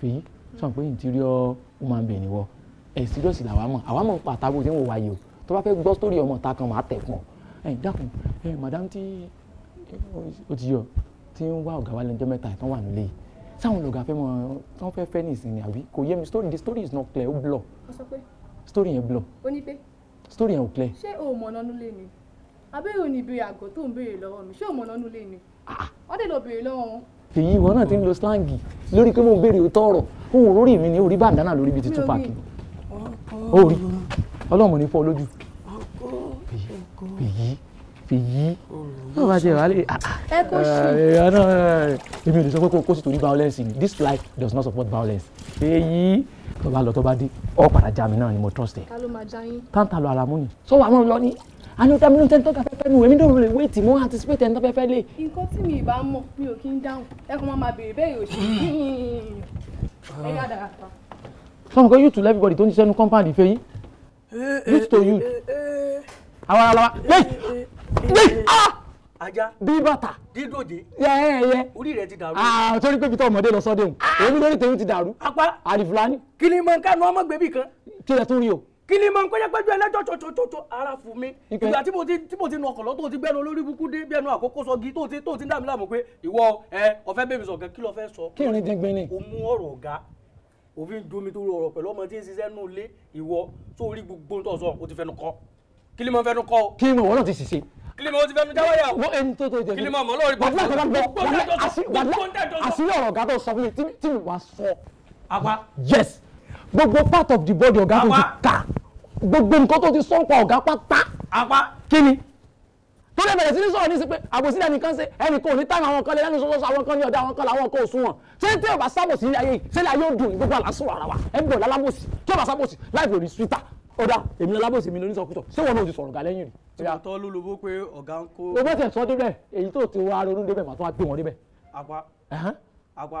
fèyí sọ pé interior woman bẹ̀ ni wọ ẹ̀ serious làwa mọ̀ àwa mọ̀ pàtàkì tí ń wò wáyé o tó bá fẹ́ gbọ́ story ọmọ ta kan màá tẹ̀ fún ọ ẹ̀ dákun ẹ̀ madam tí ó ti yọ tí ń wá ọ̀gá wa lẹ́jọ́ mẹ́ta ìtàn wà nílé yìí sáwọn lọ́gà fẹ́ mọ tán fẹ́ fẹ́ nìsín ni àbí kò yé mi story the story is not clear ó blur story yẹn blur. ó ní pé story yẹn ò clear. ṣé o mọ̀ nánú lé ni abẹ́rẹ́ ni ní ìbéèrè àgọ́ tó ń béèrè lọ́wọ́ mi ṣé o mọ̀ nánú lé ni ah. wọ́n dẹ̀ lọ béèrè lọ́wọ́ wọn. èyí ìwọ náà ti ń lo slang lórí pé mo ń béèrè òótọ́ ọ̀rọ̀ ohun òrórí mi ni orí bàndánà lórí ibi títún páàkì orí ọlọ́mọ ní fọ́ lójú. èyí fi yí ó bá tiẹ̀ wá lè ẹ kò sí èmi ò lè sọ pé kó sì torí violence ni this life does not support violence èyí tó bá lọ tó bá dé ọ padà já mi náà ni mo trust ẹ táǹtà lọ ara mú ni sọ wà mọ́ lọ ní àní ọ̀tá mi ló ń tẹ́ ń tọ́ka fẹ́fẹ́ nù èmi dòrò lè wéètì mọ́ anticipate ẹ̀ ń tọ́ fẹ́fẹ́ lè. nǹkan tí mi ì bá mọ̀ mi ò kí ń dáhùn ẹkùn máa bèrè bẹ́ẹ̀ yóò ṣe é yá dára pa. sọmọ pé youth everybody tó ń ṣiṣẹ́ nu compound ìfẹ́ yín eh, eh, youth to eh, youth àwọn ara wa lẹ́yìn. Eh, ah! ajá bí bàtà dídòjé yẹ́ẹ́yẹ́ orí rẹ̀ ti dàrú. àà ah, torí pé peter ọmọdé lọ sọ́dẹ̀ òun ah. èmi lórí tèmi ti dàrú. apá àlìfúlání. kìlìmọ̀ọ́ká ni ọmọ gbẹ̀bí kan. tilẹ̀ tún rí o. kìlìmọ̀ọ́ká yẹ pẹ́jọ́ ẹlẹ́jọ́ tòótòótò ara fún mi. ìgbà tí mo ti tí mo ti nu ọkọ̀ lọ tó ti bẹ́ẹ̀ lórí búkú dé bẹ́ẹ̀ nu àkókò sọ́gi tó ti tó ti dá mi láàmú pé ìwọ ẹ ọ̀fẹ́ bẹ́ẹ̀ mi sọ̀kan kí lọ fẹ́ sọ. kí irin dín gbin ni. o mú ọ̀rọ̀ ọ̀gá òfin domi tó rọrọ pẹ̀lú ọmọ tí ń ṣiṣẹ́ nù lé ìwọ tó rí gbogbo tó sọ o ti fẹnu kọ kí ni mo fẹnu kọ. kí ni mo wọ́n náà ti ṣiṣẹ́ kílímọ̀ ó ti fẹ́nu jáwọ́ yà. wọ́n ẹni tó tó jẹ kílímọ̀ mọ́ lórí pọ̀ wàhálà kan bẹ wàhálà àṣírí ọ̀rọ̀ ọ̀gá tó sọ fún mi tí mi wàá sọ. apá. yes gbogbo part of the body ọ̀gá tó ti ta gbogbo nǹkan tó ti sọ ń pa ọ̀gá pátá. apá. kí ni tó lè bẹ̀rẹ̀ sí ní sọ̀rọ̀ ní sí pé àbòsí lẹ́nu kan ṣe ẹnì kan ò ní táwọn àwọn kan lè lẹ́nu sọ́sọ́ àwọn kan ní ọ̀dà àwọn kan làwọn kan ò sún wọn ṣé tí ò bá sábòsí ní ayé yìí ṣé ní ayé ò dùn gbogbo àlàsùn ara wa ẹ̀ ń bọ̀ lálábòsí tí ò bá sábòsí láì lórí sweeter ó dá èmi náà lábòsí mi lóníṣọkútọ̀ ṣé wọn náà ti sọ̀rọ̀ gà lẹ́yìn rí. tòótọ́ ló lobó pé ọ̀gá ń kó. owó tẹ̀ sọ́ débẹ̀ èyí tó ti wá ronú débẹ̀ màá tún wá gbé wọn débẹ̀. àpá àpá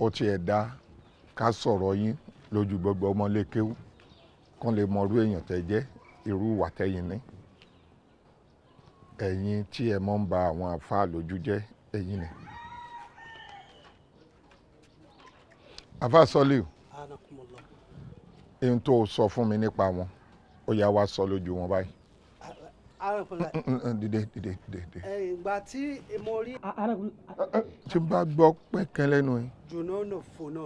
ó tiẹ̀ dá ká sọ̀rọ̀ yín lójú gbogbo ọmọlékéwú kán lè mọrú èèyàn tẹ́ jẹ́ irú ìwà tẹ́yìn ní ẹ̀yin tí ẹ mọ́ ń ba àwọn àfáà lójú jẹ́ ẹ̀yin ni. àfáà sọ́líù ohun tó sọ fún mi nípa wọn ó yá wá sọ lójú wọn báyìí. Mm, mm, mm, dìde dìde dìde. ìgbà tí mo rí. tí n bá gbọ́ pẹ́kẹ́ lẹ́nu ẹ. jùnà nà fònà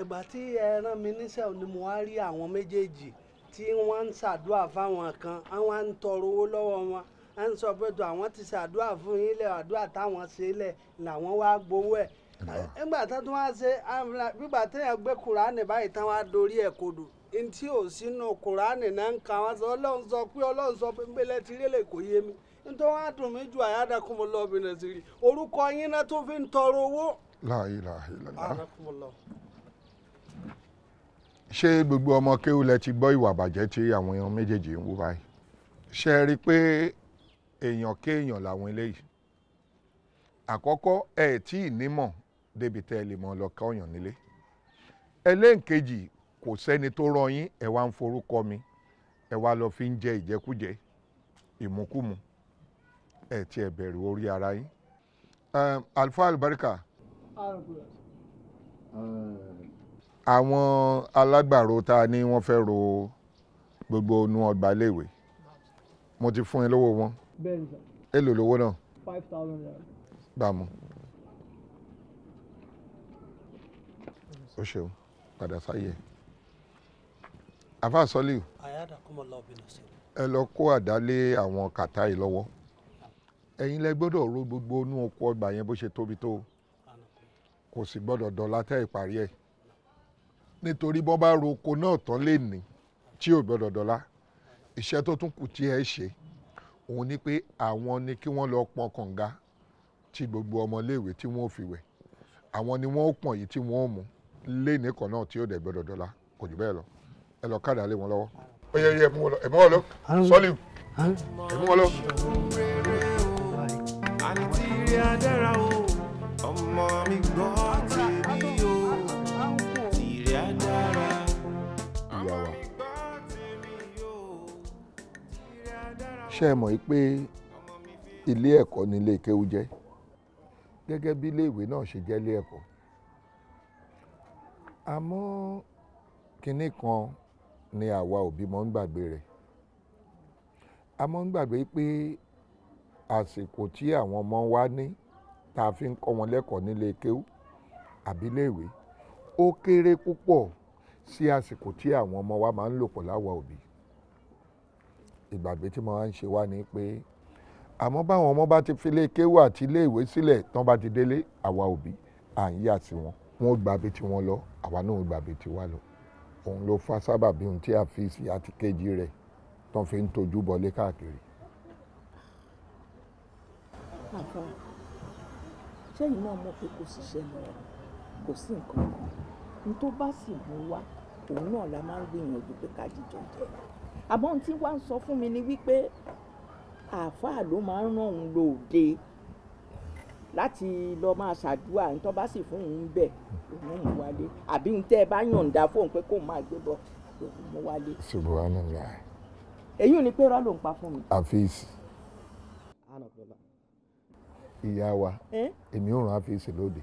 ìgbà tí ẹ rán mi níṣẹ́ ni mo wá rí àwọn méjèèjì tí wọ́n ń ṣàdúrà fáwọn kan wọ́n ń tọrọ owó lọ́wọ́ wọn wọ́n ń sọ pé tó àwọn ti ṣàdúrà fún yín lẹ̀ àdúrà táwọn ṣe lẹ̀ làwọn wá gbowó ẹ̀. nígbà tó tún wá ṣe nígbà téèyàn gbé kùránì báyìí tán wá dorí ẹ̀ kodò ntí ò sínú kùránì náà ń ka wọn sọ ọlọ́run sọ pé ọlọ́run sọ pé gbélé ti rí lè kó yé mi nítorí wọn á dùn mí ju àyàdá kún mi lọ́ọ́ bìnrin sí rí orúkọ yín náà tó fi ń tọrọ owó. láàyè láàyè láàyè. ṣé gbogbo ọmọ kéwú lẹ ti gbọ́ ìwà bàjẹ́ tí àwọn èèyàn méjèèjì ń wú báyìí ṣe é rí i pé èèyàn kéèyàn làwọn eléyìí àkọ́kọ́ ẹ̀ tí ì nímọ̀ débi tẹ́ ẹ lè mọ̀ lọ́ọ́ ọ̀yàn nílé ẹlẹ́ǹkejì kò sẹ́ni tó rán yín ẹ wá ń forúkọ mi ẹ wá lọ fi ń jẹ ìjẹkújẹ ìmúkúmu ẹ ti ẹ bẹ̀rù orí ara yín. alfa albarika. àwọn alágbàro ta ni wọ́n fẹ́ ro gbogbo inú ọgbà iléèwé mo ti fún ẹ lówó wọn èlò lówó náà. five thousand naira. gbàmù. o ṣeun padà sáyé afa sọlí ẹ lọ kó àdálé àwọn kàtá yìí lọ́wọ́ ẹ̀yin lẹ gbọ́dọ̀ ro gbogbo inú oko ọgbà yẹn bó ṣe tóbi tó kò sì gbọ́dọ̀ dọ̀la tẹ́ ìparí ẹ̀ nítorí bọ́n bá ro oko náà tán lè ní tí ò gbọ́dọ̀ dọ̀la iṣẹ́ tó tún kù tí ẹ ṣe òun ni pé àwọn ni kí wọ́n lọ pọn kànga tí gbogbo ọmọléèwé tí wọ́n ò fi wẹ̀ àwọn ni wọ́n ó pọ̀n yìí tí wọ́n ó mú lé nìkan náà tí ò dẹ̀ gbọ́dọ̀ dọ̀la kò jù bẹ́ẹ̀ lọ ẹ lọ káàdà lé wọn lọ́wọ́ ó yẹ yẹ ẹmú wọn lọ ẹmú wọn lọ sọlíù ẹmú wọn lọ. àǹtí rí adára o ọmọ mi gbọ́ tèmi o tìrí adára. ìyá ṣé ẹ mọ̀ yìí pé ilé ẹ̀kọ́ ni ilé kéwú jẹ́ gẹ́gẹ́ bí ilé ìwé náà ṣe jẹ́ ilé ẹ̀kọ́ àmọ́ kinní kan ni àwa òbí mọ́ ń gbàgbé rẹ̀ a mọ́ ń gbàgbé pé àsìkò tí àwọn ọmọ wa ní tá a fi ń kọ́ wọn lẹ́kọ̀ọ́ nílé kéwú àbíléèwé ó kéré púpọ̀ sí àsìkò tí àwọn ọmọ wa máa ń lò pọ̀ láwa òbí ìgbàgbé tí mo máa ń ṣe wá ni pé àmọ́ báwọn ọmọ bá ti filé kéwú àti iléèwé sílẹ̀ tán bá ti délé àwa òbí à ń yà sí wọn wọn ò gbàgbé tí wọn lọ àwa náà ò gbàgbé tí wa lọ òun ló fa sábàbí ohun tí Hafiz àti kejì rẹ̀ tán fi ń tojú bọlé káàkiri. àfa sẹ́yìn náà mọ̀ pé kò ṣiṣẹ́ lọ kò sí nǹkan kan ní tó bá sì mú wa òun náà la máa ń gbìyànjú pé ká jíjọ jẹ àmọ́ ohun tí wàá sọ fún mi ni wípé àáfàá ló máa ń ràn òun lóde láti lọ máa ṣàdúrà ní tọ́ba sì fún òun bẹ̀ òun mú wálé àbí ní tẹ́ ẹ bá yọ̀ǹda fóun pé kóun máa gbé bọ̀ òun mú wálé. ṣùgbọ́n èyí ò ní pé irọ́ ló ń pa fún mi. àfíìsì ìyá wa èmi ò rán àfíìsì lóde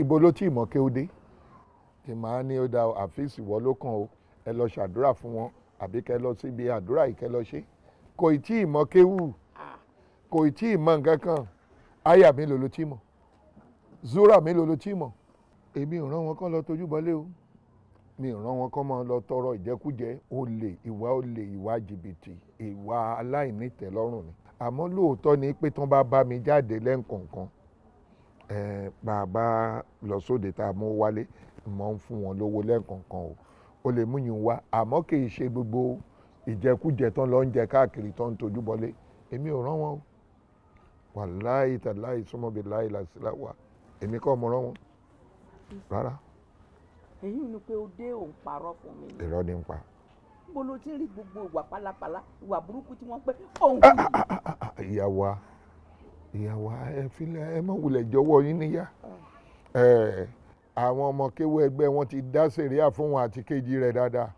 ibo ló tí ì mọ̀ kí ó dé kì máa ní ó da àfíìsì wọ́ ló kàn ẹ lọ ṣàdúrà fún wọn àbí kẹ lọ síbi àdúrà yìí kẹ lọ ṣe kò tí ì mọ̀ kéwù kò tí ì mọ̀ nǹkan kan aya mélòó ló ti mọ̀ zura mélòó ló ti mọ̀ èmi ò rán wọn kán lọ tójú bọlé o mi ò rán wọn kán máa lọ tọrọ ìjẹkújẹ olè ìwà olè ìwà jìbìtì ìwà aláìnítẹ̀lọ́rùn ni àmọ́ lóòótọ́ ni pé tán bá bá mi jáde lẹ́ǹkọ̀ọ̀kan bàbá lọ sóde tá a mú wálé mọ̀ ń fún wọn lówó lẹ́ǹkọ̀ọ̀kan o o lè mú yín wá àmọ́ kì í ṣe gbogbo ìjẹkújẹ tán lọ ń jẹ káàkiri tán tójú bọlé èmi ò rán wọn o wàláì tàláì sọmọbi láì làṣìlá wà èmi kọ́ ọmọ rán wọn rárá. èyí ni pé o dé òun parọ́ fún mi. irọ́ ni n pa. bó ló ti ń rí gbogbo ìwà pálapàla ìwà burúkú tí wọ́n pẹ́ òun. Ah, ah, ah, ìyá wa ẹ filẹ̀ ẹ mọ̀ wulẹ̀ jọ̀wọ́ yín níyà àwọn ọmọ kéwú ẹgbẹ́ wọn ti dá sẹ̀ríà fún wọn àti kejì rẹ̀ dáadáa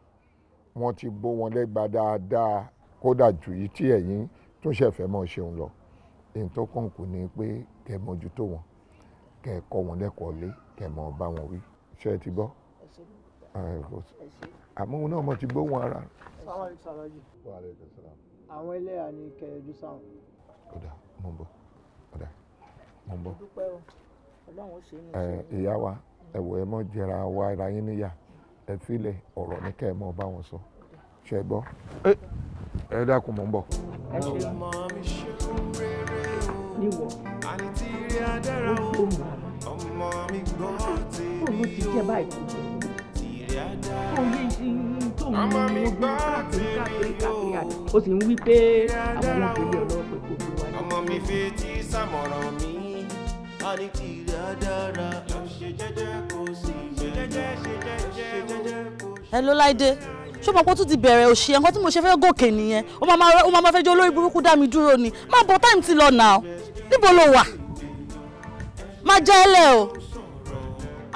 wọ́n ti bó wọn lẹ́gba dáadáa kódà jù yìí tí ẹ̀yin tó ṣẹ̀fẹ̀ mọ́ ṣeun lọ nǹkan kan kù ni pé kẹ́ mójútó wọn kẹ́ kọ́ wọn lẹ́kọ̀ọ́ lé kẹ́ mọ̀ bá wọn wí ṣé ẹ ti gbọ́ àmọ́ òun náà mo ti gbóhùn ara. àwọn ẹlẹ́yà ni kẹ̀yẹ́jú sáwọn. ọ̀dà mo ń bọ̀ ọ̀dà mo ń bọ̀. ìyá wa ẹ wò ẹ mọ jẹra wa ara yín níyà ẹ filẹ̀ ọ̀rọ̀ ní kẹ́ ẹ mọ bá wọn sọ ṣe gbọ́ ẹ dákun mò ń bọ̀. níwọ̀ ọmọ mi gbọ́ tèmi ó ti jẹ́ báyìí ó tó ń mú mi gbọ́ tèmi ó ó sì ń wí pé àwọn ọmọkùnrin ọlọ́pàá kò ọmọ mi fi ti sàmọ̀ràn mi a ní tìrì àdára ṣe jẹ́jẹ́ kò sí jẹ́jẹ́ ṣe jẹ́jẹ́ ṣe jẹ́jẹ́ kò sí. ẹ ló láìdé ṣé mo pọ́ tún ti bẹ̀rẹ̀ òṣì ẹ̀ nǹkan tí mo ṣe fẹ́ gòkè nìyẹn ó máa máa fẹ́ jẹ́ olórí burúkú dá mi dúró ni máa bọ̀ táìmù ti lọ nà ó níbo lo wà máa jẹ́ ẹlẹ́ o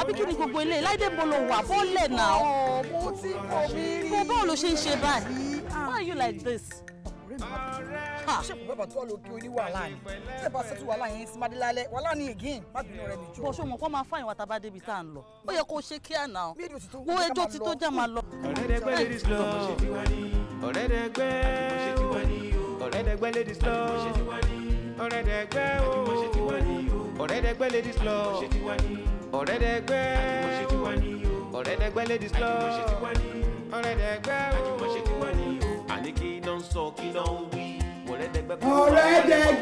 àbí kí ni gbogbo ilé láìdé mo lo wà bọ́ọ̀lẹ̀ nà ó. Oh, mo ṣe ń ṣe báyìí why are you like this ṣé kò bẹ́ẹ̀ tó lò kí oní wàhálà ni ṣé bá ṣètò wàhálà yẹn sí máa dé lálẹ́ wàhálà ni again má bínú rẹ nìjọ. bọ́sọ̀ mọ̀ kó máa fáyìn wa tábà débi tá à ń lọ ó yẹ kó ṣe kíá náà wo ejò ti tó já máa lọ. ọ̀rẹ́dẹ̀gbẹ́ ladies lọ ọ̀rẹ́dẹ̀gbẹ́ ọ̀rẹ́dẹ̀gbẹ́ ladies lọ ọ̀rẹ́dẹ̀gbẹ́ ọ̀rẹ́dẹ̀gbẹ́ ladies lọ ọ̀rẹ́dẹ̀gbẹ́ ọ̀rẹ́dẹ̀gbẹ́ ladies lọ ọ̀rẹ́dẹ̀gbẹ́ ní kí ló ń sọ kí ló ń wí. ọ̀rẹ́dẹ̀gbẹ́ ọ̀rẹ́dẹ̀gbẹ́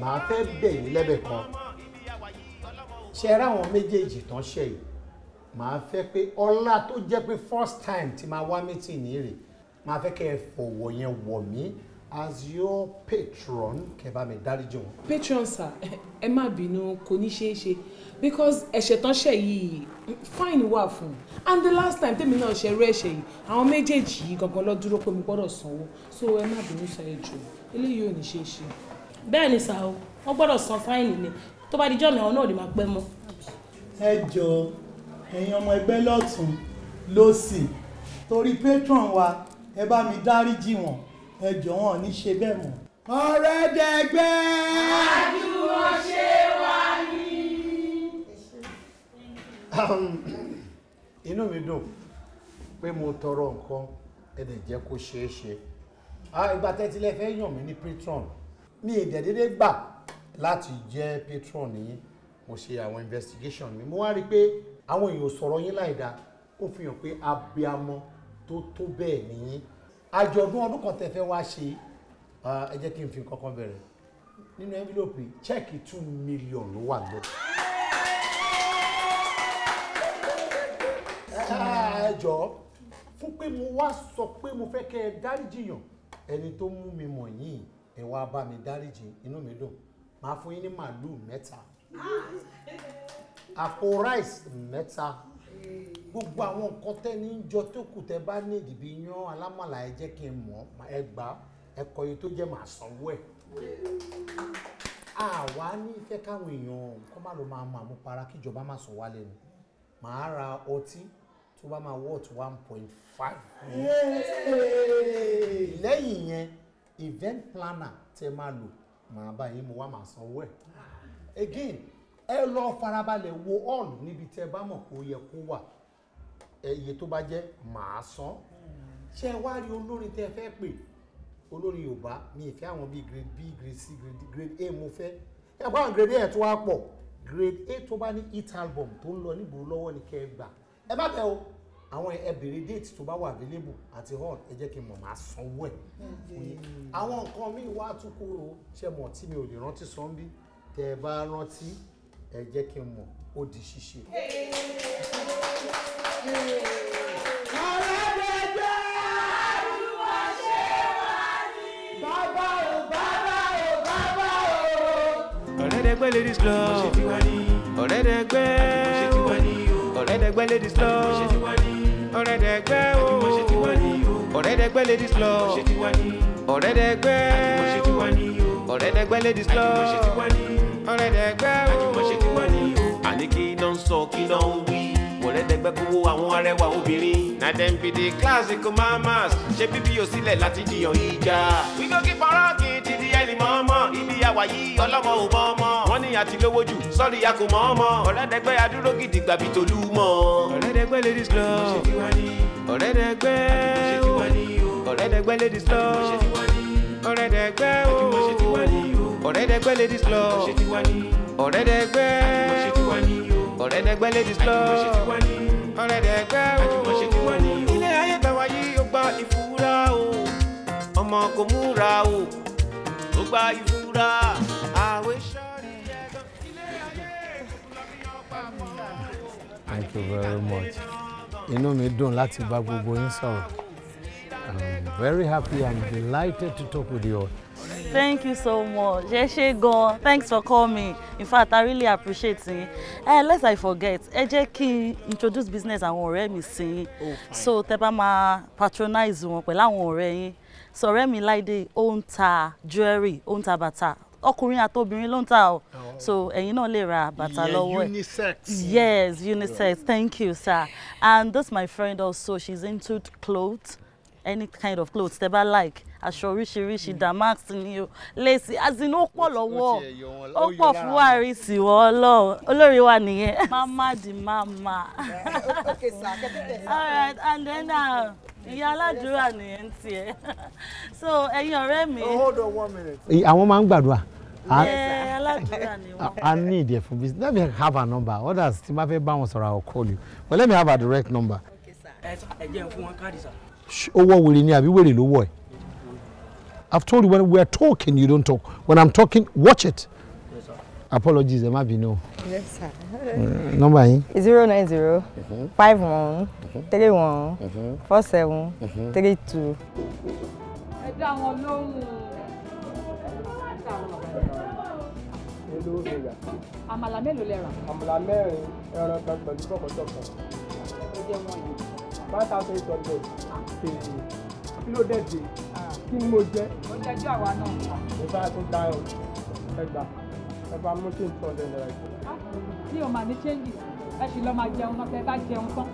màá fẹ́ bẹ̀ yín lẹ́bẹ̀ kan ṣe ra àwọn méjèèjì tán ṣe yìí màá fẹ́ pé ọlá tó jẹ́ pé first time tí màá wá meeting ní rè màá fẹ́ kẹ́ ẹ fọwọ́ yẹn wọ̀ mí as your patron kẹ́ bá mi dáríjì wọn. patron sir ẹ má bínú kò ní ṣeé ṣe because ẹ̀ṣẹ̀ tán ṣẹ̀ yìí fine wà fún and the last time tèmi náà ṣe rú ẹ̀ṣẹ̀ yìí àwọn méjèèjì yìí gangan lọ dúró pé mi gbọ́dọ̀ sanwó so ẹ má bínú sọ ẹ jù eléyìí ò ní ṣe é ṣe. bẹ́ẹ̀ ni sà o wọ́n gbọ́dọ̀ san fáìnì ni tó bá di jọ́ mi àwọn náà ò lè máa pẹ́ mọ́. ẹ jọ ẹ̀yin ọmọ ẹgbẹ́ lọ́tún lọ́sì torí patron wa ẹ bá mi dáríjì wọn ẹ jọ wọn ní ṣe bẹ́ẹ̀ mọ́. ọ̀rẹ́dẹ̀gbẹ́. àdúró ṣe wá ní. Um, inú mi dùn pé mo tọrọ nǹkan ẹ̀dẹ̀ jẹ́ kó ṣeé ṣe ah, ìgbà tẹ́tílẹ̀ fẹ́ yàn mí ní patron mi ìdẹ̀dẹ́dẹ́ gbà láti jẹ́ patron yìí mo ṣe àwọn investigation mi mo wá rí i pé àwọn èèyàn sọ̀rọ̀ yín láìda ó fi hàn pé abiamọ tó tó bẹ́ẹ̀ nìyí àjọ̀dún ọdún kan tẹ́ fẹ́ wá ṣe ah, ẹ jẹ́ kí n fi nǹkan kan bẹ̀rẹ̀ nínú envelope check two million ló wà lọ. ẹ jọ fún pé mo wá sọ pé mo fẹ́ kẹ́ ẹ dáríjìyàn ẹni tó mú mi mọ̀ yìí ẹ wá bá mi dáríjì inú mi dùn máa fún yín ní màálù mẹ́ta àpò rice mẹ́ta gbogbo àwọn nǹkan tẹ́ni ń jọ tó kù tẹ́ bá ní ìdìbò yan alámọ̀là ẹ jẹ́ kí n mọ̀ ẹ gbà ẹ kọ iye tó jẹ́ màá sanwó ẹ̀ àwa ní fẹ́ káwọn èèyàn kọ́ má lọ máa mọ àmupara kíjọba má sọ wá lẹ́nu màá ra ọtí tó bá máa worth one point five. lẹ́yìn yẹn event planner tẹ máa lò màá bá yín mo wá màá sanwó ẹ̀. again ẹ lọ farabalẹ̀ wo all níbi tẹ bá mọ̀ kó yẹ kó wà iye tó bá jẹ́ màá san. ṣé ẹ wá rí olórin tẹ fẹ́ pè olórin Yorùbá mi ìfẹ́ àwọn bíi grade B grade C grade A mo fẹ́ ẹ bá àwọn grade A tó wá pọ̀ grade A tó bá ní hit album tó ń lọ nígboro lọ́wọ́ ni kẹ́ ẹ gbà ẹ má bẹ̀ o àwọn ẹbìrì déètì tó bá wà available àti hall ẹ jẹ́ kí n mọ̀ máa sanwó ẹ̀ àwọn nǹkan míì wá tún kúrò ṣe mọ̀ tí mi ò lè rántí sanbí tẹ́ ẹ bá rántí ẹ jẹ́ kí n mọ̀ ó di ṣíṣe. ọ̀rẹ́ mi jẹ́ àdúgbò ṣe o bàbá o bàbá o. ọ̀rẹ́dẹ̀gbẹ́ ladies club ọ̀rẹ́dẹ̀gbẹ́ o ọ̀rẹ́dẹ̀gbẹ́ ladies lọ ọ̀rẹ́dẹ̀gbẹ́ o ọ̀rẹ́dẹ̀gbẹ́ ladies lọ ọ̀rẹ́dẹ̀gbẹ́ o ọ̀rẹ́dẹ̀gbẹ́ ladies lọ ọ̀rẹ́dẹ̀gbẹ́ o. àní kí iná ń sọ kí iná ń wí ọ̀rẹ́dẹ̀gbẹ́ kówó àwọn arẹwà obìnrin. na dem be the classical mamas ṣe bíbí yóò sílẹ̀ láti dìyàn ìjà. we go keep on rocking till the early mọ́mọ́ ibi àwàyí ọlọ́mọ ò mọ́mọ́ ní àti lówó jù sọ́ọ̀lì ya kò mọ̀ ọ́ mọ́ ọ̀rẹ́dẹ́gbẹ́ adúró gidi gbàbí tolú mọ́. ọ̀rẹ́dẹ́gbẹ́ ladies club ọ̀rẹ́dẹ́gbẹ́ ọ̀rẹ́dẹ́gbẹ́ ladies club ọ̀rẹ́dẹ́gbẹ́ ọ̀rẹ́dẹ́gbẹ́ ladies club ọ̀rẹ́dẹ́gbẹ́ ọ̀rẹ́dẹ́gbẹ́ ladies club ọ̀rẹ́dẹ́gbẹ́ ilé ayé tàwa yìí ó gba ìfura o ọmọ kò múra o ó gba ìfura. thank you very much inú mi dùn láti bá gbogbo yín sọ̀rọ̀ i'm very happy and delighted to talk with you thank you so much ẹ ṣé gan thanks for calling in fact i really appreciate yín uh, lest i forget ẹ jẹ́ kí n introduce business àwọn ọ̀rẹ́ mi sí yín oh, so tẹ́ bá máa patronize wọn pẹ̀lú àwọn ọ̀rẹ́ yín sọ̀rẹ́ mi láìdé ó ń jewelry ó ń ta bàtà ọkùnrin àtobìnrin ló ń tà o oh. so ẹ̀yin náà lè ra bàtà lọ́wọ́ ẹ̀ unisex yes unisex yeah. thank you sir and this my friend also she's into clothes any kind of clothes tẹ́ bá like aṣọ oríṣiríṣi mm. damask ni o lace as in ó pọ̀ lọ́wọ́ ó pọ̀ fún àrísí wọ́n lọ olórí wa nìyẹn mama di mama *laughs* all right and then. Uh, ìyá aládùúrà nìyẹn tiẹ̀ *laughs* so ẹ̀yin ọ̀rẹ́ mi. Oh, hold on one minute. àwọn máa ń gbàdúrà. ẹ aládùúrà ni wọn. I need it for business let me have a number others if I fẹ́ bá wọn sọ̀rọ̀ I will call you but let me have a direct number. ẹ jẹ́ fún wọn káàdì card. ó wọ wèrè ni àbí wèrè ló wọ̀ ẹ́. I've told you when we're talking you don't talk when I'm talking watch it apologies there might be no. yes sir. Uh, Number? yín. zero nine zero uh-huh. five one three one uh-huh. four seven uh-huh. three two. ẹ dá wọn ẹran kan pẹ̀lú kọ̀kọ̀tọ̀ kan. ó jẹ́ wọ́n yìí. Ah. kí ni mo jẹ. mo jẹjú àwa náà. mo bá tún dá ẹgbàá ẹ mú tí n tún ọdẹ náírà jù. mi ò mà ní ṣéǹjì ẹ sì lọ́ọ́ máa jẹun náà tẹ́ bá jẹun tán.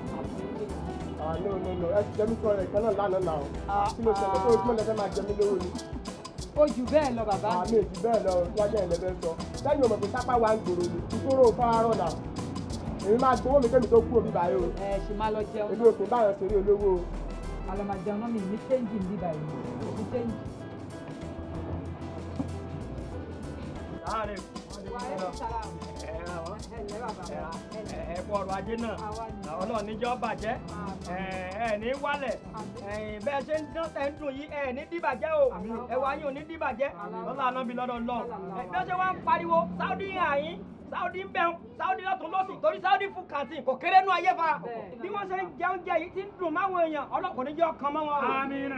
ah no no no ẹ ti jẹ mí tún ọrẹ ìkan náà lánàá náà o ah, kí ló ṣẹlẹ̀ tó ojúmọ́ lẹ́fẹ́ máa jẹ mí lówó ni. o jù bẹ́ẹ̀ lọ bàbá. àmì ah, jù bẹ́ẹ̀ lọ wájú ẹ̀ lẹ́fẹ́ sọ lẹ́yìn ọmọ pé sápá wa ń gbòòrò ni ìgbòòrò fáárọ̀ náà èmi máa gbowó mi ò kò báyọ̀ náà mi ní ẹ̀kọ́ ọ̀rọ̀ ajé náà ọlọ́run níjọ́ bàjẹ́ ẹ̀ ní wálẹ̀ bẹ́ẹ̀ ṣe ń dùn yìí ẹ̀ ní dìbàjẹ́ o ẹ̀wà yìí ò ní dìbàjẹ́ ọlọ́run àná bí lọ́dọ̀ lọ bẹ́ẹ̀ ṣe wá ń pariwo Saudi àyín sáúdí ń bẹun sáúdí lọ́tún lọ́sìn torí sáúdí fún kàǹtì kò kéré nú ayé fa bí wọ́n ṣe ń jẹ oúnjẹ yìí ti ń dùn máwọn èèyàn ọlọ́kùn ní ọkàn mọ́ wọn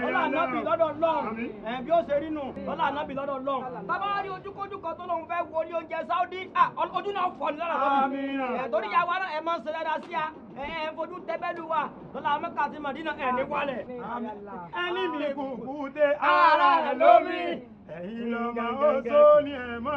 o lọ́la ànábì lọ́dọ̀ lọ́hùn ẹ̀ bí ó ṣe rí nù lọ́la ànábì lọ́dọ̀ lọ́hùn bàbá wa rí ojúkójú kan tó lóun fẹ́ wọlé oúnjẹ sáúdí ojú náà fọ́ ni lọ́la lọ́bì ẹ̀ fojú tẹ́bẹ́lú wa lọ́la Mẹ́kà àti Màdínà ẹ̀ ní wálẹ̀ ẹni mi kùkù ara ẹ̀ lómi ẹ̀yin lọ́mọ ó sóní ẹ̀ mu.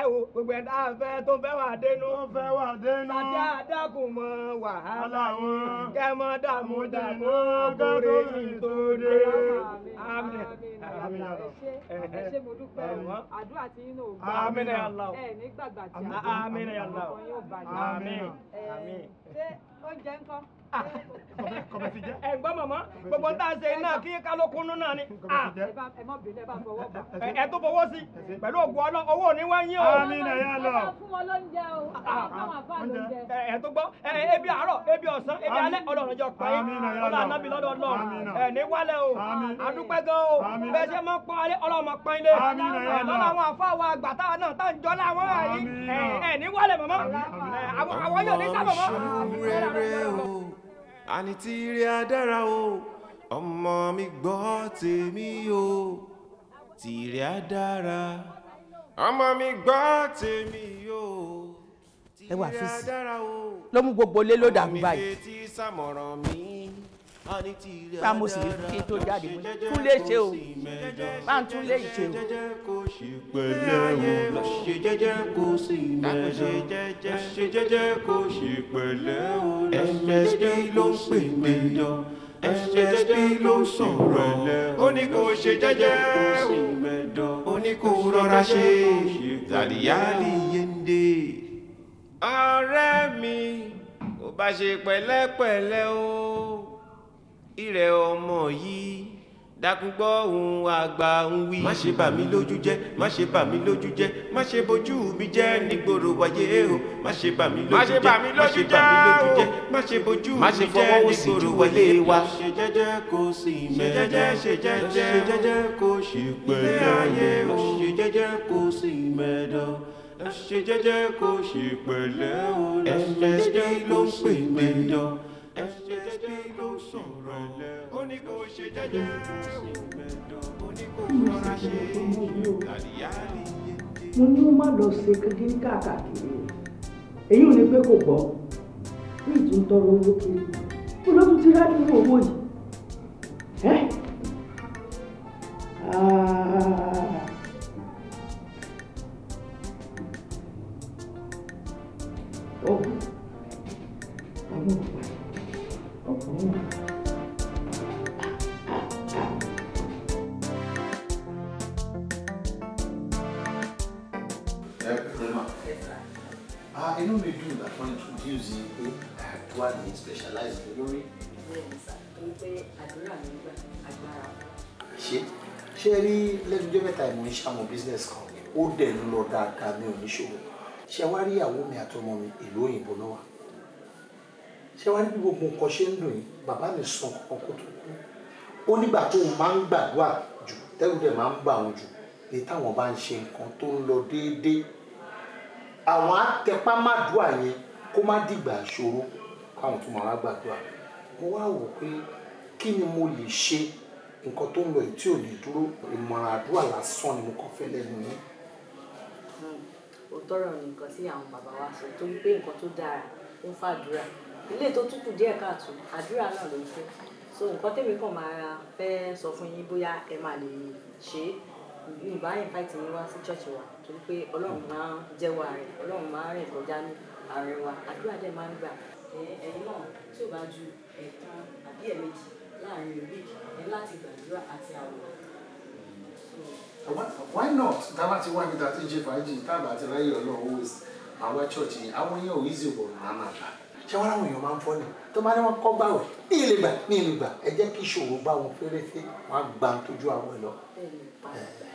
ẹ wo gbogbo ẹ̀ dáa fẹ́ tó fẹ́ wà dénú. tó fẹ́ wà dénú. sàdé àdàkùn mọ wàhálà wọn. kẹmọ dààmú dààmú kórè tó dé. àmín àmín ẹ ṣé mo dúpẹ́ àdúrà tí yín náà gbà. àmín Allah. ẹ ní gbàgbà tí a. àmín Allah. àmín àmín. ṣé oúnjẹ ńkọ́ kọ̀mẹ́ ẹ gbọ́ mọ̀mọ́ gbogbo tá a ṣe iná kí kálókunú náà ni. ẹ tó fọwọ́ sí pẹ̀lú ògùn ọlọ́ owó ò ní wá yín o. ẹ bá fún wọn o ẹ tó gbọ́ ebi àárọ̀ ebi ọ̀sán ebi alẹ́ ọlọ́run jọ pa ọlọ́ ànábì lọ́dọ̀ lọ ẹ ní wálẹ̀ o àdúpẹ́ gan o bẹ́ẹ̀ ṣe máa pọ́n alẹ́ ọlọ́mọ pọ́n ilé lọ́dọ̀ àwọn àfáà wa náà tá à ń jọ láwọn ẹ̀ ní wálẹ̀ mọ̀mọ́ àwọn yóò ní sábà mọ́. Ani tí rí adára o ọmọ mi gbọ́ tèmi o tí rí adára ọmọ mi gbọ́ tèmi o tí rí adára o ló gbogbo lé ló dàrú báyìí pa mo sì kí n tó jáde mo tún lè ṣe o bá ń tún lè ṣe o. lọ ṣe jẹ́jẹ́ msd ló ń pè mí yọ msd ló ń sọ̀rọ̀ ó ní kó ṣe jẹ́jẹ́ ó ní kó rọra ṣe Zàlíyálì Yéndé ọ̀rẹ́ mi kò bá ṣe pẹ̀lẹ́pẹ̀lẹ́ o ìrẹ̀ ọmọ yìí dákun gbọ́ ohùn àgbà ń wí. má ṣe bà mí lójú jẹ́ má ṣe bà mí lójú jẹ́ má ṣe bojú mi jẹ́ nígboro wáyé o má ṣe bà mí lójú jẹ́ má ṣe bà mí lójú jẹ́ má ṣe bojú mi jẹ́ nígboro wáyé wa. ṣe jẹ́jẹ́ kò sì mẹ́jẹ́ ṣe jẹ́jẹ́ ṣe jẹ́jẹ́ kò sì pẹ̀lẹ́ ayé o ṣe jẹ́jẹ́ kò sì mẹ́dọ̀ ṣe jẹ́jẹ́ kò sì pẹ̀lẹ́ o ẹ̀ẹ́dẹ́gbẹ́ ló ń pè mẹ́dọ̀. MSP ló sọ̀rọ̀ ó ní kó ṣe jẹ́jẹ́ ó ní kó rọra ṣe àríyárí. mo ní ó má lọ ṣe kíkín káàkiri èyí ò ní pé kò gbọ́ ní ìtúntọrọ owó kiri olóòtú ti rádìrú owó yìí. Oh, I'm not Ah, inú mi dùn láti introduce yìí pé One ní specialize lórí. ṣé ṣé rí lẹ́nudọ́ mẹ́ta ìmọ̀ ní sàmù business kan ó dẹ̀ ń lọ dáadáa mi ò ní ṣòro She worry a woman at home, mi ìlú òyìnbó náà wà ṣé wàá ní bí gbogbo nǹkan ṣe ń dùn yìí bàbá mi sọ ọkàn kó tó kú ó nígbà tó o máa ń gbàdúrà jù tẹ́rù dẹ̀ máa ń bà wọ́n jù ní táwọn bá ń ṣe nǹkan tó ń lọ déédéé àwọn atẹpá má dùà yẹn kó má dìgbà ìṣòro káwọn tó máa wá gbàdúrà mo wá wò pé kí ni mo lè ṣe nǹkan tó ń lọ yìí tí ò lè dúró ìmọ̀ràn àdúrà lásán ni mo kàn fẹ́ lẹ́nu yín. Hmm, òótọ́ rẹ̀ nìkan tí àwọn bàbá wa sọ torí pé nǹkan tó dára ó ń fàdúrà ilé tó túkù díẹ̀ káàtó àdúrà náà ló ń fẹ́ so nǹkan tèmi kàn máa fẹ́ sọ fún yín bóyá ẹ máa lè ṣe é ìbá invite yín wá sí church wa torí pé ọlọ́run máa ń jẹ́wọ́ rẹ̀ ọlọ́run máa ń rìn kọjá ní àárín wa àdúrà dẹ̀ máa ń gbà. ẹ̀yin náà tí ò bá ju ẹ̀ẹ̀kan àbí ẹ̀ẹ̀mejì láàrin week ẹ láti gbàdúrà àti àwọ̀. why not tábà ti wá ibi tá a fàájì tábà ti ráyè ọlọ́run always àwa church yẹn àwọn yẹn ò easy wọ̀ rárá ṣé wọn làwọn èèyàn máa ń fọ́ ni tó bá ní wọn kọ́ gbàwẹ̀ ní ilé gbà ní ilé gbà ẹ jẹ́ kí ìṣòro bá wọn fẹ́rẹ́fẹ́ wọn á gba tójú àwọn ẹ lọ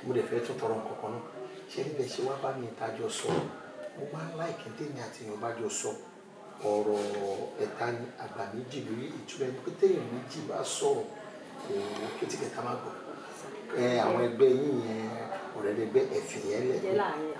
mo dẹ̀ fẹ́ tún tọrọ nǹkan kan náà ṣé níbẹ̀ ṣe wá bá mi ìtajọ sọ mo máa ń láìkí téèyàn àti èèyàn bá jọ sọ ọ̀rọ̀ ẹ̀ta ni àgbà méjì lórí ìtura ẹni pé téèyàn méjì bá sọ̀rọ̀ kò kétíkẹ̀ta má gbọ́ àwọn ẹgbẹ́ yín ọ̀rẹ́dẹ̀gbẹ́ ẹ̀fìyẹ́lẹ̀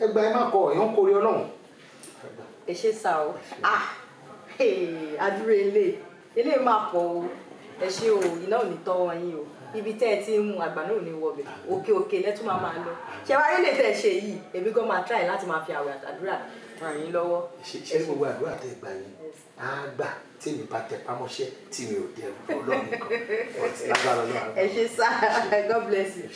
ẹgbà ẹ má kọ èèyàn kórè ọlọ́run. ẹ ṣe sá o àdúrà ah, ilé ilé máa pọ̀ o ẹ ṣe o iná ò ní tọ́wọ́ yín o ibi tẹ́ ẹ ti ń mu àgbà náà ò ní wọbẹ̀ òkè òkè lẹ́tún máa máa lọ ṣe wáyé lè tẹ̀ ṣe yìí èmi gan máa try láti máa fi àwẹ̀ àtàdúrà ràn yín lọ́wọ́. ṣe ṣe gbogbo àdúrà tẹ gbà yín á gbà tí mi bá tẹ pamọ́ṣẹ́ tí mi ò dẹ̀ ọlọ́run kan ọ̀tí *laughs* lágbára lọ́wọ́. ẹ ṣe sá *laughs* God bless you.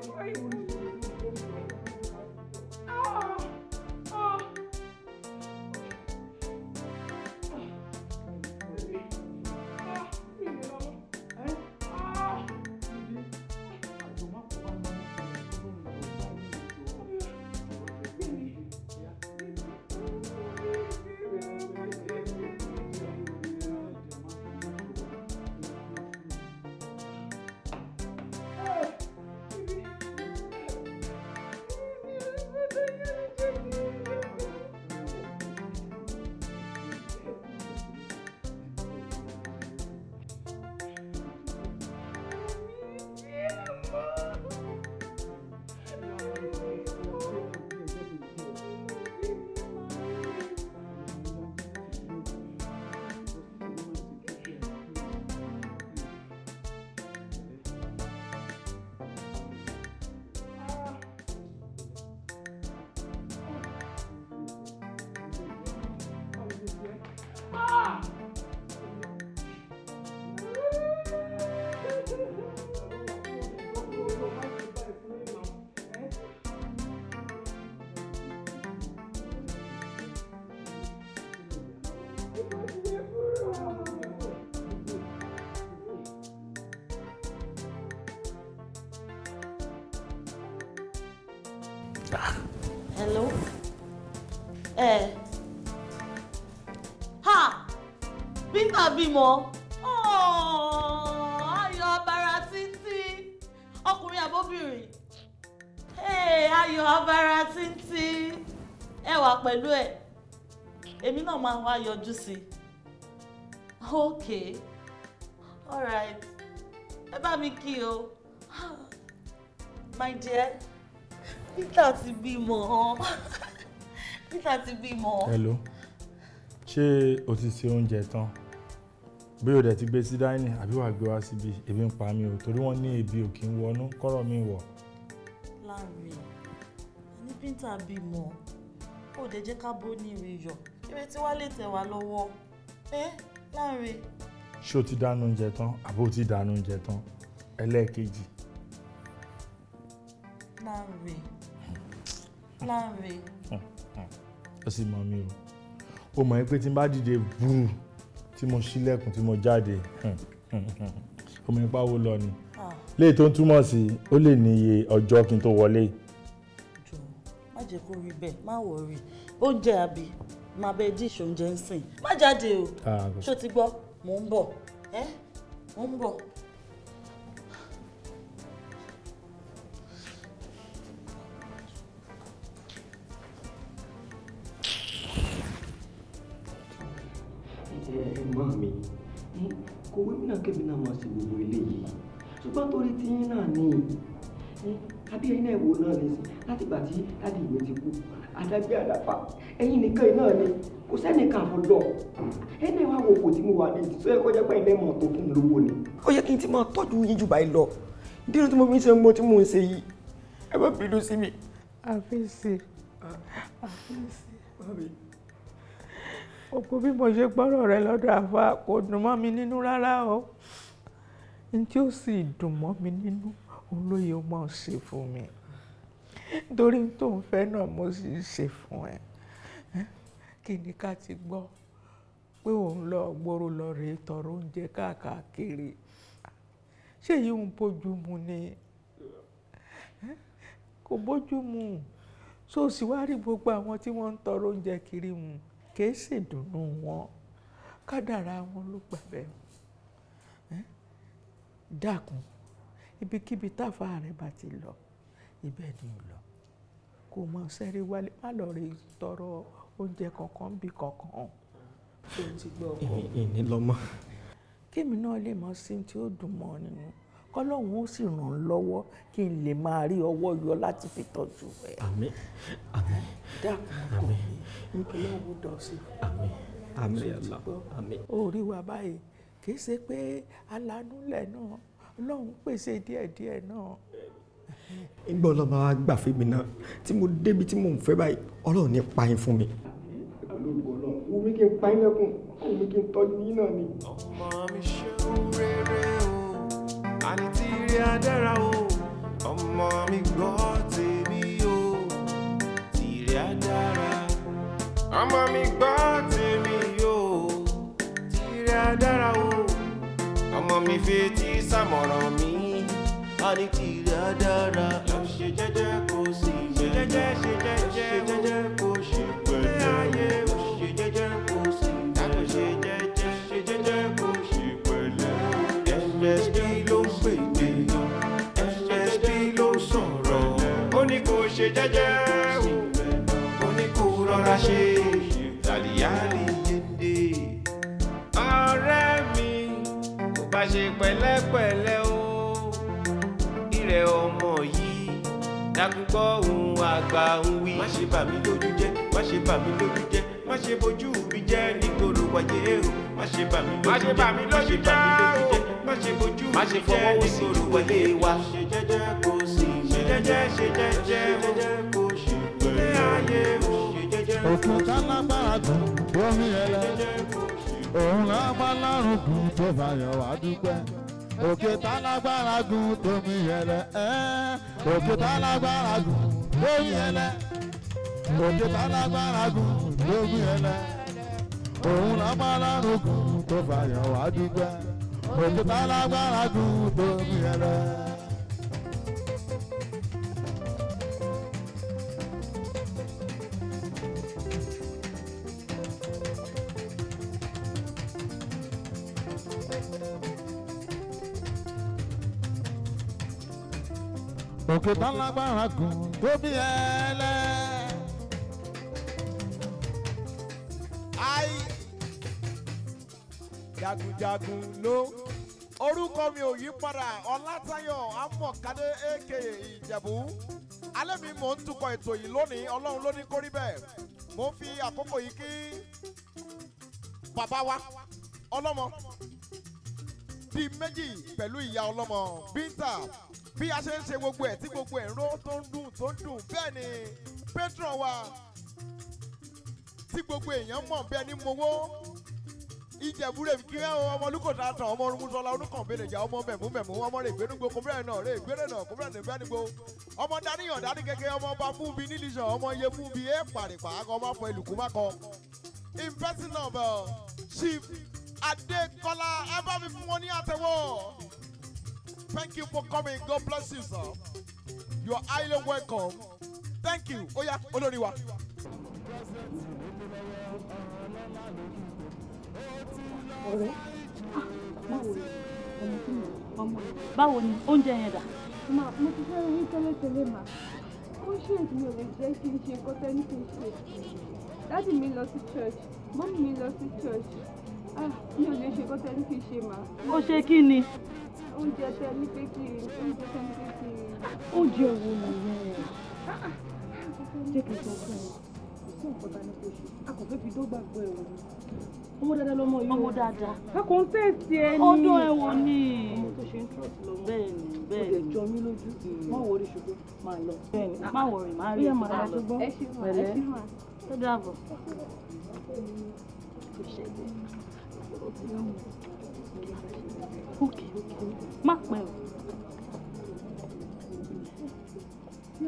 before you está. Hello. Eh. Ha! Bimba bimo. Oh, ayo abara tinti. Okunrin abobirin. Hey, ayo abara tinti. E wa pelu e. Emi na ma wa yoju si. Okay. All right. Eba mi ki o. My dear. Peter ti bímọ. *laughs* Peter ti bímọ. Hello. Ṣé o ti ṣe oúnjẹ tán? Bóyá o dẹ̀ ti gbé sí dáínì àbí wàá gbé wá síbi ebi ń pa mi o torí wọ́n ní ebi ò kí ń wọnú kọ́rọ̀ mi wọ̀. Láàrin, ní Peter bímọ, ó dẹ̀ jẹ́ ká bó ní ìrìyọ̀. Ìrètí wá lè tẹ̀ wá lọ́wọ́. Ẹ́ Láàrin. Ṣé o ti dáná oúnjẹ tán àbí o ti dáná oúnjẹ tán? Ẹlẹ́ẹ̀kejì. Láàrin. Lanre. ó sì mọ mi o ó mọ̀ pé tí n bá dìde búrú tí mo ṣílẹ̀kùn tí mo jáde ó mọ̀ wo lọ ni ah. léyìí tó ń túmọ̀ sí ó lè ní iye ọjọ́ kí n tó wọlé. má jẹ́ kó rí bẹ́ẹ̀ má wọrí oúnjẹ àbí máa bẹ díṣ oúnjẹ ń sìn má jáde o ah, ṣó ti gbọ́ mò ń bọ̀ mò ń bọ̀. látìgbà tí dádì mi ti kú adágbé àdàpà ẹ̀yin nìkan iná ni kò sẹ́nìkan àfọ̀dọ̀ ẹni wàá wo kò tí mo wà ní ìtúsọ ẹ̀kọ́ jẹ́ pé ilẹ̀ mọ̀ tó fún mi lówó ni. ó yẹ kí n ti máa tọ́jú yín jù báyìí lọ dínú tí mo fi ń ṣe mo tí mò ń ṣe yìí ẹ bá bínú sí mi. àfẹ́sì àfẹ́sì òpó bí mo ṣe gbọ́rọ̀ rẹ lọ́dọ̀ àfa kò dùn mọ́ mi nínú rárá o n tí ó sì dùn mọ́ mi nínú òun ló ṣe fún mi torí tó ń fẹ́ náà mo sì ń ṣe fún ẹ kí ni ká ti gbọ́ pé òun lọ gbòòrò lọ rèé tọrọ oúnjẹ káàkiri ṣé yìí ń bójú mu ni kò bójú mu so sì wá rí gbogbo àwọn tí wọ́n ń tọrọ oúnjẹ kiri mu kì í ṣèdùnnú wọn kádàrá wọn ló gbà bẹ́ẹ̀ ibikíbi táfa rẹ̀ bá ti lọ ibẹ̀ ni ò lọ kó o máa sẹ́rí wálé má lọ rí tọrọ oúnjẹ kankan bí kankan tó ti gbọ́ ọkọ. ìní lọ́mọ. kémi náà lè mọ sí tí ó dùn mọ́ nínú kọ́lọ́hún ó sì ràn án lọ́wọ́ kí n lè máa rí ọwọ́ yọ láti fi tọ́jú ẹ̀. àmín àmín dákun kò ní ọlọ́run dọ̀sí. àmín àmín yàrá àmín. orí wa báyìí kì í ṣe pé alánúlẹ̀ náà ọlọ́run pèsè díẹ̀díẹ̀ náà nígbà ọlọ́mọ àgbà fèmí náà tí mo débi tí mò ń fẹ́ báyìí ọlọ́run ní pa yín fún mi. olórúkọ náà omi kí n pa yín lẹ́kùn omi kí n tọ́jú yín náà ni. ọmọ mi ṣe rere o àní tí rí adára o ọmọ mi gbọ́ tèmi o tí rí adára ọmọ mi gbọ́ tèmi o tí rí adára o ọmọ mi fetí sàmọ̀ràn mi a ní tìrẹ dára. ṣe jẹ́jẹ́ kò sí bẹ́ẹ̀ ṣe jẹ́jẹ́ ṣe jẹ́jẹ́ kò sí pẹ̀lú ayé ṣe jẹ́jẹ́ kò sí bẹ́ẹ̀ ṣe jẹ́jẹ́ ṣe jẹ́jẹ́ kò sí pẹ̀lú. msp ló ń pèdè msp ló ń sọ̀rọ̀ ó ní kò ṣe jẹ́jẹ́ ó ní kò rọra ṣe tàlíyàlì jẹ́ndé. ọ̀rẹ́ mi kò bá ṣe pẹ̀lẹ́pẹ̀lẹ́ o lẹ ọmọ yìí dákúgbọ́ ohun àgbà ń wí. má ṣe bà mí lójú jẹ́ má ṣe bà mí lójú jẹ́ má ṣe bojú mi jẹ́ nígboro wáyé o má ṣe bà mí lójú jẹ́ má ṣe bà mí lójú jẹ́ má ṣe bojú mi jẹ́ nígboro wáyé wa. ṣe jẹ́jẹ́ kò sí ṣe jẹ́jẹ́ ṣe jẹ́jẹ́ o ṣe jẹ́jẹ́ kò sí ṣe ayé o ṣe jẹ́jẹ́ kò sí. òkúta lágbára dùn omi ẹlẹ òun lábá lárùn dùn tó bá yọ wá dúpẹ́. Oke ta lagbara gu to mi yele eh Oke ta lagbara gu to mi yele Oke ta lagbara gu to mi yele Oun la mala to fa yan wa òkè tán lágbára gùn tó bí ẹlẹ́. ai jagunjagun ló orúkọ mi ò yí padà ọlátayọ̀ amọ̀kadé aka ìjẹ̀bú alẹ́ mi mò ń tukọ̀ ètò yìí lónìí ọlọ́run ló ní kó rí bẹ́ẹ̀ mo fi àkókò yìí kí bàbá wa ọlọ́mọ di méjì pẹ̀lú ìyá ọlọ́mọ bíńtà bí a ṣe ń ṣe gbogbo ẹ̀ tí gbogbo ẹ̀ ń ró tó ń dùn tó ń dùn bẹ́ẹ̀ ni patron wa tí gbogbo èèyàn mọ̀ bẹ́ẹ̀ ni mo wó ìjẹ̀búrẹ́ mi kí ẹ ọmọ olùkọ́ta tán ọmọ orúmúsọlá olùkàn bẹ́lẹ̀jà ọmọ mẹ̀mú mẹ̀mú ọmọ rẹ̀ ìgbénúgbò kòmíràn náà rẹ̀ ìgbérè náà kòmíràn náà bẹ́ẹ̀ ni gbó ọmọ daníyàn dání kẹkẹ ọmọ ọba fún bi nílìṣàn ọmọ iye fún bi ẹ pàrìpà akọ ọmọ afọ ìlùkù má kọ. investment of uh, chief Adékọ́lá ẹ bá mi fún wọn ní àtẹ́wọ́. Thank you for coming. God bless you, sir. You are highly welcome. Thank you. Ó yá, olórí wa. ọ̀rẹ́ ah, báwo ni oúnjẹ yẹn dà. màá mo ti fẹ́ rí tẹ́lẹ̀tẹ́lẹ̀ mà ó ṣe èmi ò lè jẹ́ kí n ṣe kọ́tẹ́ ní kí n ṣe dáàdì mi lọ sí church mọ́mí mi lọ sí church mi ò lè ṣe kó tẹ́lí fi ṣe mà. ó ṣe kí ni. oúnjẹ tẹ ní pé kí oúnjẹ tẹ ní pé kí. oúnjẹ wo nìyẹn. ṣé kìí sọ fún ẹ fún ọ̀pọ̀ ta ni kò ṣe akọ̀fẹ́ fi dọ́gba gbọ́ ẹ̀ wọ̀ ọmọ dáadáa lọmọ yìí ọmọ dáadáa a ń tẹ̀sí ẹ ní ọdún ẹ̀wọ̀n ni ọmọ tó ṣe ń trọ́ọ̀tì lọ́wọ́ bẹ́ẹ̀ ni bẹ́ẹ̀ ni ó lè jọ mí lójú má wọrí ṣùgbọ́n máa lọ bẹ́ẹ̀ ni má wọrí má rí ẹ̀ máa lọ ṣùgbọ́n pẹ̀lẹ́ tó dàbọ̀ ok má pẹ́ o.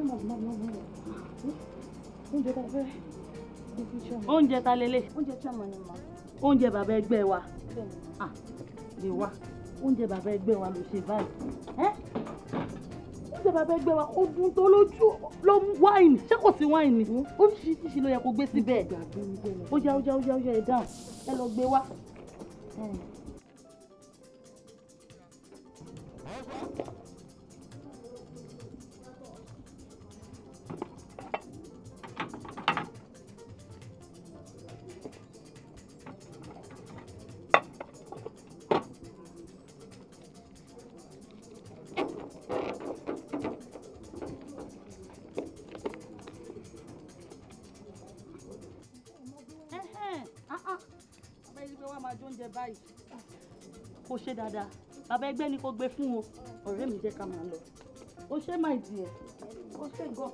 oúnjẹ ta fẹ́ oúnjẹ ta lélẹ̀. oúnjẹ tí a bàbá ẹgbẹ́ wa. ah lè wa oúnjẹ bàbá ẹgbẹ́ wa ló ṣe báyìí oúnjẹ bàbá ẹgbẹ́ wa ó dùn tó lójú ló mú wáìnì ṣé kò sí wáìnì hmm? oríṣiríṣi ló yẹ kó gbé síbẹ̀ ó yá ó yá ó yá ẹ dáhùn ẹ lọ gbé wá. 嗯。ọ̀fẹ́ gbé ni kò gbé fún o ọ̀rẹ́ mi jẹ́ ká máa lọ ó ṣe máa dì ẹ̀ ó ṣe gọ̀.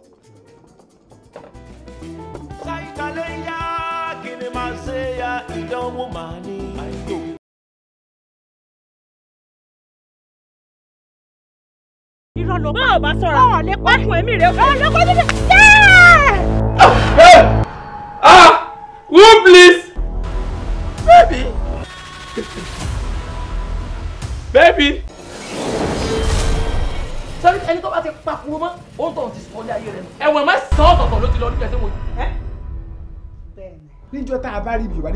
sáyíkalẹ̀ yá kí ni màá ṣe ya ìdánwò màá ní àìtó. bá ọba sọ̀rọ̀ ọ̀ lè pàtó ẹ̀mí rẹ̀ ọ̀rọ̀ ló pàtó ẹ̀mí rẹ̀. ah who please.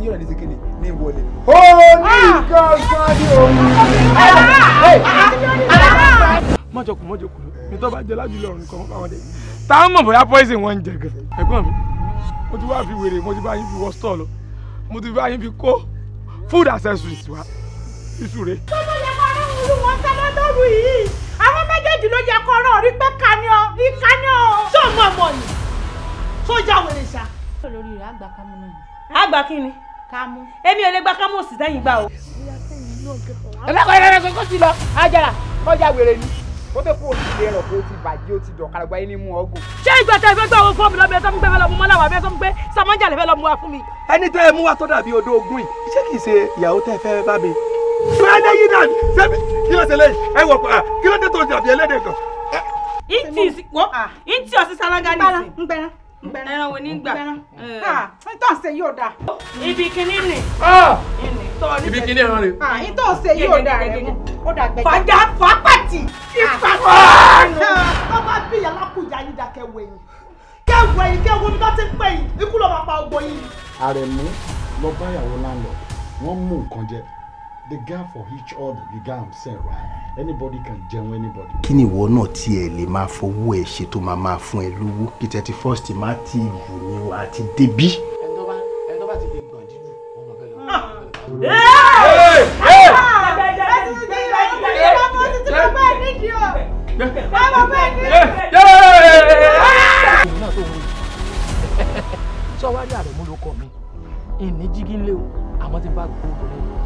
yóò rẹ̀ ní sikini ní ìwọlé. ó ní gángan ní òun. mọ̀jọ̀kù mọ̀jọ̀kù ní tó bá jẹ lájúlẹ̀ ọ̀run kan fáwọn dẹ̀. tá a mọ̀ bóyá poison wọn ń jẹ gan. ẹ̀gbọ́n mi mo ti wá fi wèrè mo ti bá yín fi wọ stọ̀ lọ mo ti bá yín fi kó food accessories wa iṣu re. tọ́lá yẹ kó rán olú wọn sálọ́ lóru yìí àwọn méjèèjì ló yẹ kó rán orí pé kaniọ ìkaniọ. sọ́ọ̀mù ọmọ ni sójà wèrè ṣá. lórí rẹ̀ àgbà kámú náà. àgbà kí ni kámú. èmi ò lè gba kámú òsì sẹ́yìn gbà o. ẹlẹ́kọ̀ọ́ ẹlẹ́kọ̀ọ́ kó sì lọ ajára kọjá wèrè ni ó tẹ kó o ti lè rọ pé ti bàjẹ́ o ti dọ̀ káràgbá yín ní mú ọgùn. ṣé ìgbà tẹ fẹ́ gbà owó fọ́ọ̀mù lọ́bẹ̀ẹ́ sọ́mú pé fẹ́ lọ́mú mọ́láwà bẹ́ẹ̀ sọ́mú pé samanja lè fẹ́ lọ́mú wa fún mi. ẹni tẹ́ ẹ mú wa tó dàbí odó ogún yìí ṣé kìí ṣe ìyàwó tẹ́ fẹ́ bá mi. fẹ́lẹ́ yín náà sẹ́mi kí ló ṣe lẹ́yìn ẹ wọ̀ pa kí ló dé tó dàbí ẹlẹ́dẹ̀ kan. ìtì ìsìnkú ìtì ọ̀sìn sálángá nìsín ẹran wo ní gbà tó ṣe yóò dà. ibi kìíní nì. ibi kìíní ẹran rè. àyín tó ṣe yóò dà rẹ mú ó dà gbẹjẹ. fàjà fàpàtì ìfàpàtì. ọba bí alákùnjà yìí dà kẹwẹ yìí kẹwẹ yìí kẹwẹ omi tó ti pẹ yìí ikú ló máa pa ọgbọ yìí. àrẹ̀mú lọ bá ìyàwó láńlọ wọ́n mú nǹkan jẹ the gap for each other the get am sef right anybody can join anybody. kí ni ìwọ náà tiẹ̀ lè máa fowó ẹ̀ ṣe tó máa máa fún ẹ lówó kí thirty first má ti wù ní o àti débí. ẹni tó bá ẹni tó bá ti lè gbọ̀n dínú ọmọ fẹ́ lọ. sọ wájú àrẹ̀mú ló kọ mi ìní jígí lé o àmọ́ ti bá gbó obìnrin lọ.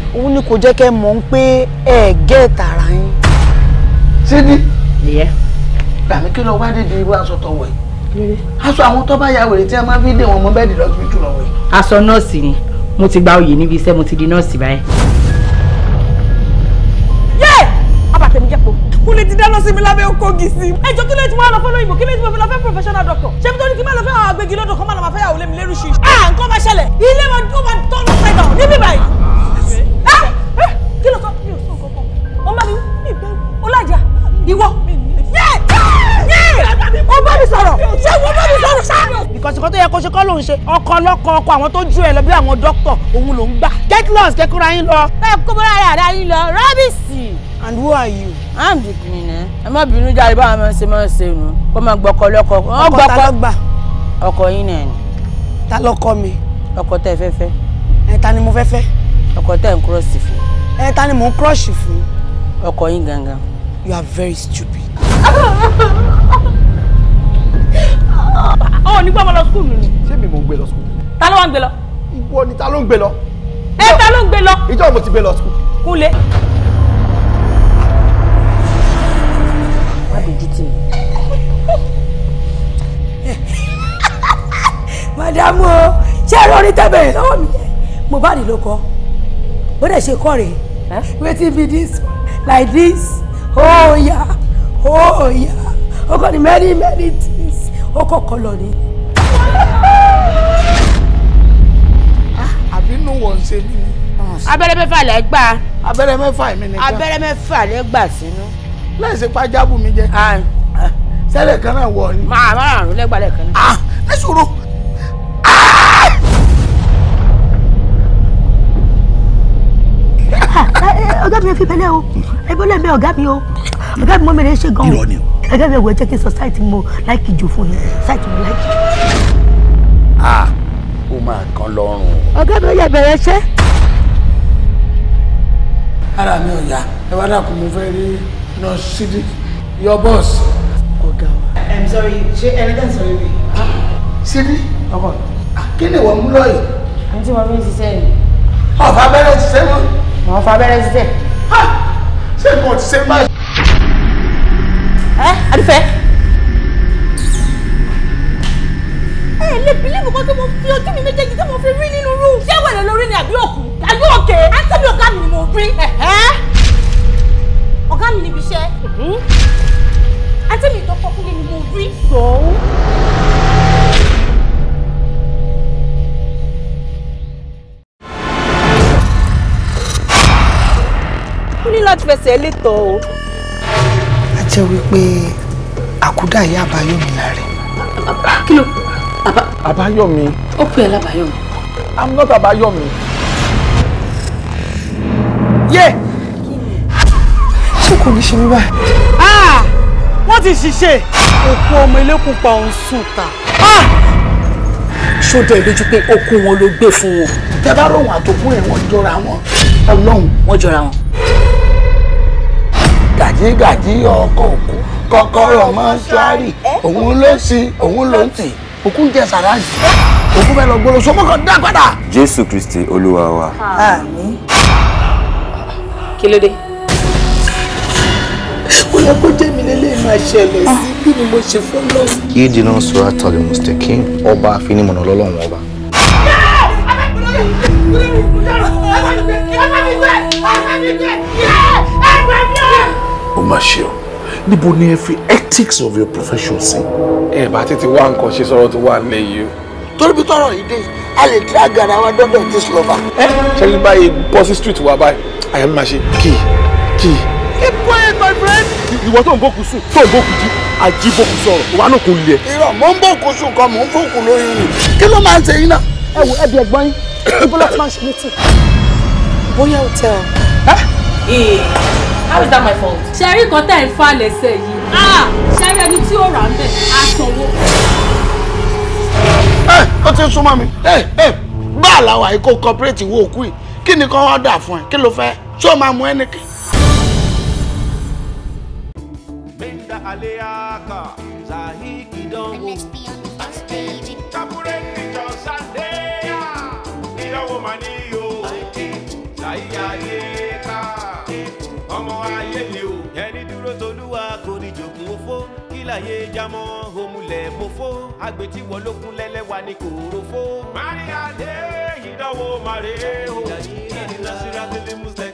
òun ni kò jẹ́ kẹ́ mọ̀ ń pé ẹ gẹ́ tààrà yín. sídi. ìyẹ́. gbàmí kí lọ wá dídì irú aṣọ tọwọ yìí. aṣọ àwọn tó bá ya wèrè tí a máa fi dé wọn mọ bẹ́ẹ̀dì lọ́sibítù lọ́wọ́ yìí. aṣọ nọ́ọ̀sì ni mo ti gba oyè níbi iṣẹ́ mo ti di nọ́ọ̀sì báyìí. yé abatẹ̀mí jẹ́pọ̀ kú lè ti dáná sí mi lábẹ́ oko sí. ẹ kí ló ti wá lọ fẹ́ lóyìnbó kí ló ti wá fẹ́ professional doctor. ṣé nítorí kí n lọ fẹ́ àwọn agbègi lọ́dọ̀ kan má lọ máa fẹ́ yàwó lé mi lérú ṣíṣe. à ah, nǹkan máa ṣẹlẹ̀ ilé wa tó máa tọ́nu ṣẹ́gàn níbí báyìí kí ló sọ mi ò sọ nǹkan kan wọ́n bá mi mi bẹ́ẹ̀ ọlájà ìwọ ó bá mi sọ̀rọ̀ ṣé wọ́n bá mi sọ̀rọ̀ ṣá. because nǹkan tó yẹ kó ṣe kọ́ ló ń ṣe ọkọ lọ́kọ ọkọ àwọn tó ju ẹ lọ bí àwọn dókítà òun ló ń gbà get lost kẹkọrọ yín lọ. bẹ́ẹ̀ kó bọ́lá rẹ̀ àdá yín lọ rọ́bìsì. and who are you. i'm the cleaner. Eh? ẹ má bínú jáde báwa máa ń ṣe máa ń ṣe nù kó máa gbọ́kọ lọ́kọ. ọkọ ta ló gbà. ọkọ yín náà ni. ta lọ́kọ mi. ọkọ tẹ fẹ́fẹ́. ẹ ta ni mo fẹ́fẹ́. ọkọ tẹ ń kúrò sí f ẹ ni mò ń crush fún. ọkọ yín gangan. you are very stupid. ọ ní gbọ́mọ lọ skul nù ni. ṣé mi mò ń gbé lọ skul. ta ló wá ń gbé lọ. ìwọ ni ta ló ń gbé lọ. ẹ ló ń gbé lọ. ìjọ mo ti gbé lọ skul. kúnlẹ̀. má dojú tì mí. *laughs* madamu ṣé ẹ lórí tẹ́bẹ̀rẹ̀ lọ́wọ́ mi Mohbad ló kọ́ bó dẹ̀ ṣe kọ́ rèé. Huh? Wetin be this? Like this? Oh yeah, oh yeah. O kò many many things. colony. Ah, I've O kò kọ lọ I better me wọ̀ like ṣe I better me mẹ́fà lẹ gbà. Abẹ́rẹ́ mẹ́fà mi nìkan. Abẹ́rẹ́ mẹ́fà lẹ gbà sínú. Láìsí pàjáwò mi jẹ. Sẹ́lẹ̀ kan náà wọ̀ Ma ma, let's ún lẹ́gbàá lẹ́ẹ̀kan Ah, let's go. ẹ fi bẹ́lẹ̀ o ẹ bọ́lẹ̀ bẹ́ ọ̀gá mi o ọ̀gá mi mọ́ mi rẹ̀ ṣe gan o ọ̀gá mi ẹ̀wọ̀ jẹ́ kí n sọ sáìtì mo láìkì jù fún yín sáìtì mo láìkì jù. ó máa kan lọ́rùn. ọ̀gá mi ò yẹ bẹ̀rẹ̀ ṣẹ́. ara mi ò yá ẹ wá dàkú mo fẹ́ rí nurse Sidik your ọ̀gá wa. I'm sorry ṣé ẹni tẹ́ ń sọ rere. Ah, Sidik ọkọ ah, kí ni ìwọ mú lọ́ọ̀yì. àǹtí wọn fi ń ṣiṣẹ́ yìí. ọ̀fà abẹ́rẹ́ ṣiṣẹ́ mọ́. ọ̀fà abẹ́rẹ́ ṣiṣẹ́ ṣé nǹkan ti ṣe ń báyìí. ẹ adúfẹ́. ẹ lè bílíìfù kan tí mo fi ojú mi méjèèjì tí mo fi rí nínú are you okay lórí ni àbí òkú àbí òkè átẹ́bí ọ̀gá mi ni mo rí. ọ̀gá mi níbi iṣẹ́ átẹ́bí tó kọ́kúlé ni mo rí. sọ̀ọ́. ní láti fẹsẹ̀ létọ̀ o. a jẹ́ wípé àkúdà ìyá àbáyọ̀mí láre. kí ló àbáyọ̀mí. ó pè é lábáyọ̀mí. i'm not àbáyọ̀mí. yé ṣé kò ní ṣe mí báyìí. Ah! wọ́n ti ṣiṣẹ́ òkú ọmọ elékùn pa òun sùn ta. Ah! ṣó dẹ̀ lójú pé okun wọn ló gbé fún wọn. tẹ bá ròhùn àtòkùn ẹ̀ wọ́n jọra wọn ọlọ́run wọ́n jọra wọn gàjígàjí ọkọ̀ òkú kọ́kọ́rọ́ mọ́ṣúárì òun ló sí òun ló ń tì òkú jẹ sàrájì òkú fẹ́ lọ gbòòrò sọ́kọ́kọ́ dá padà. jésù kristi olúwa wa. àmín. kí ló dé. ó yẹ kó jẹ́ mi lélẹ́yìn máa ṣẹlẹ̀ sí bí ni mo ṣe fọ́ lọ́wọ́. kí jìnnà sọ́ra tọ́lẹ̀ mùsítẹ́kì ọba àfinimọ̀nà lọ́lọ́run ọba. yẹ́ẹ̀ ẹ má mi gbé ẹ má mi gbé ẹ má mi gbé má ṣe o níbo ni ẹ fi ethics of your profession sí. ẹ bá tètè wá nǹkan ṣe sọ̀rọ̀ tó wà lẹ́yìn o. torí bí tọrọ yìí dé a lè dí àgàrà wa dọ́dọ̀ tí sùlọ́fà. ẹ ṣẹlẹ̀ báyìí bọ́sí street wa báyìí àyà mi máa ṣe kì kì. keep quiet my friend. ìwọ tó ń bókun sùn tó ń bókun jí àjí bókun sọ̀rọ̀ wà ló kun lẹ. irọ́ mò ń bókun sùn kan mò ń fòkun lóyún ni kí ló máa ń ṣe yín náà. ẹ wo ẹbí ẹ̀gbọ́n yín ibo *coughs* ló ti máa ń ṣe mí tì bóyá hotel how is that my fault. ṣẹ́rí got tẹ̀ far, fa say. yìí ah! ṣẹ́rí ẹni tí ó rà ń bẹ̀ á sanwó. ẹ ó ti ń súnmọ́ mi ẹ ẹ bá àlàwà yìí kó cooperate wo òkú yìí kí ni kan wá dà fún ẹ kí ló fẹ́ ṣé o máa mú ẹnì kan. MXP láyé jámọ́ òmùlẹ̀ mọ́fó agbètíwọ̀ lókun lẹ́lẹ́wà ní kòròfó. Maria dé ìdánwò màrè o ìdílé nasira tẹlẹ musẹ.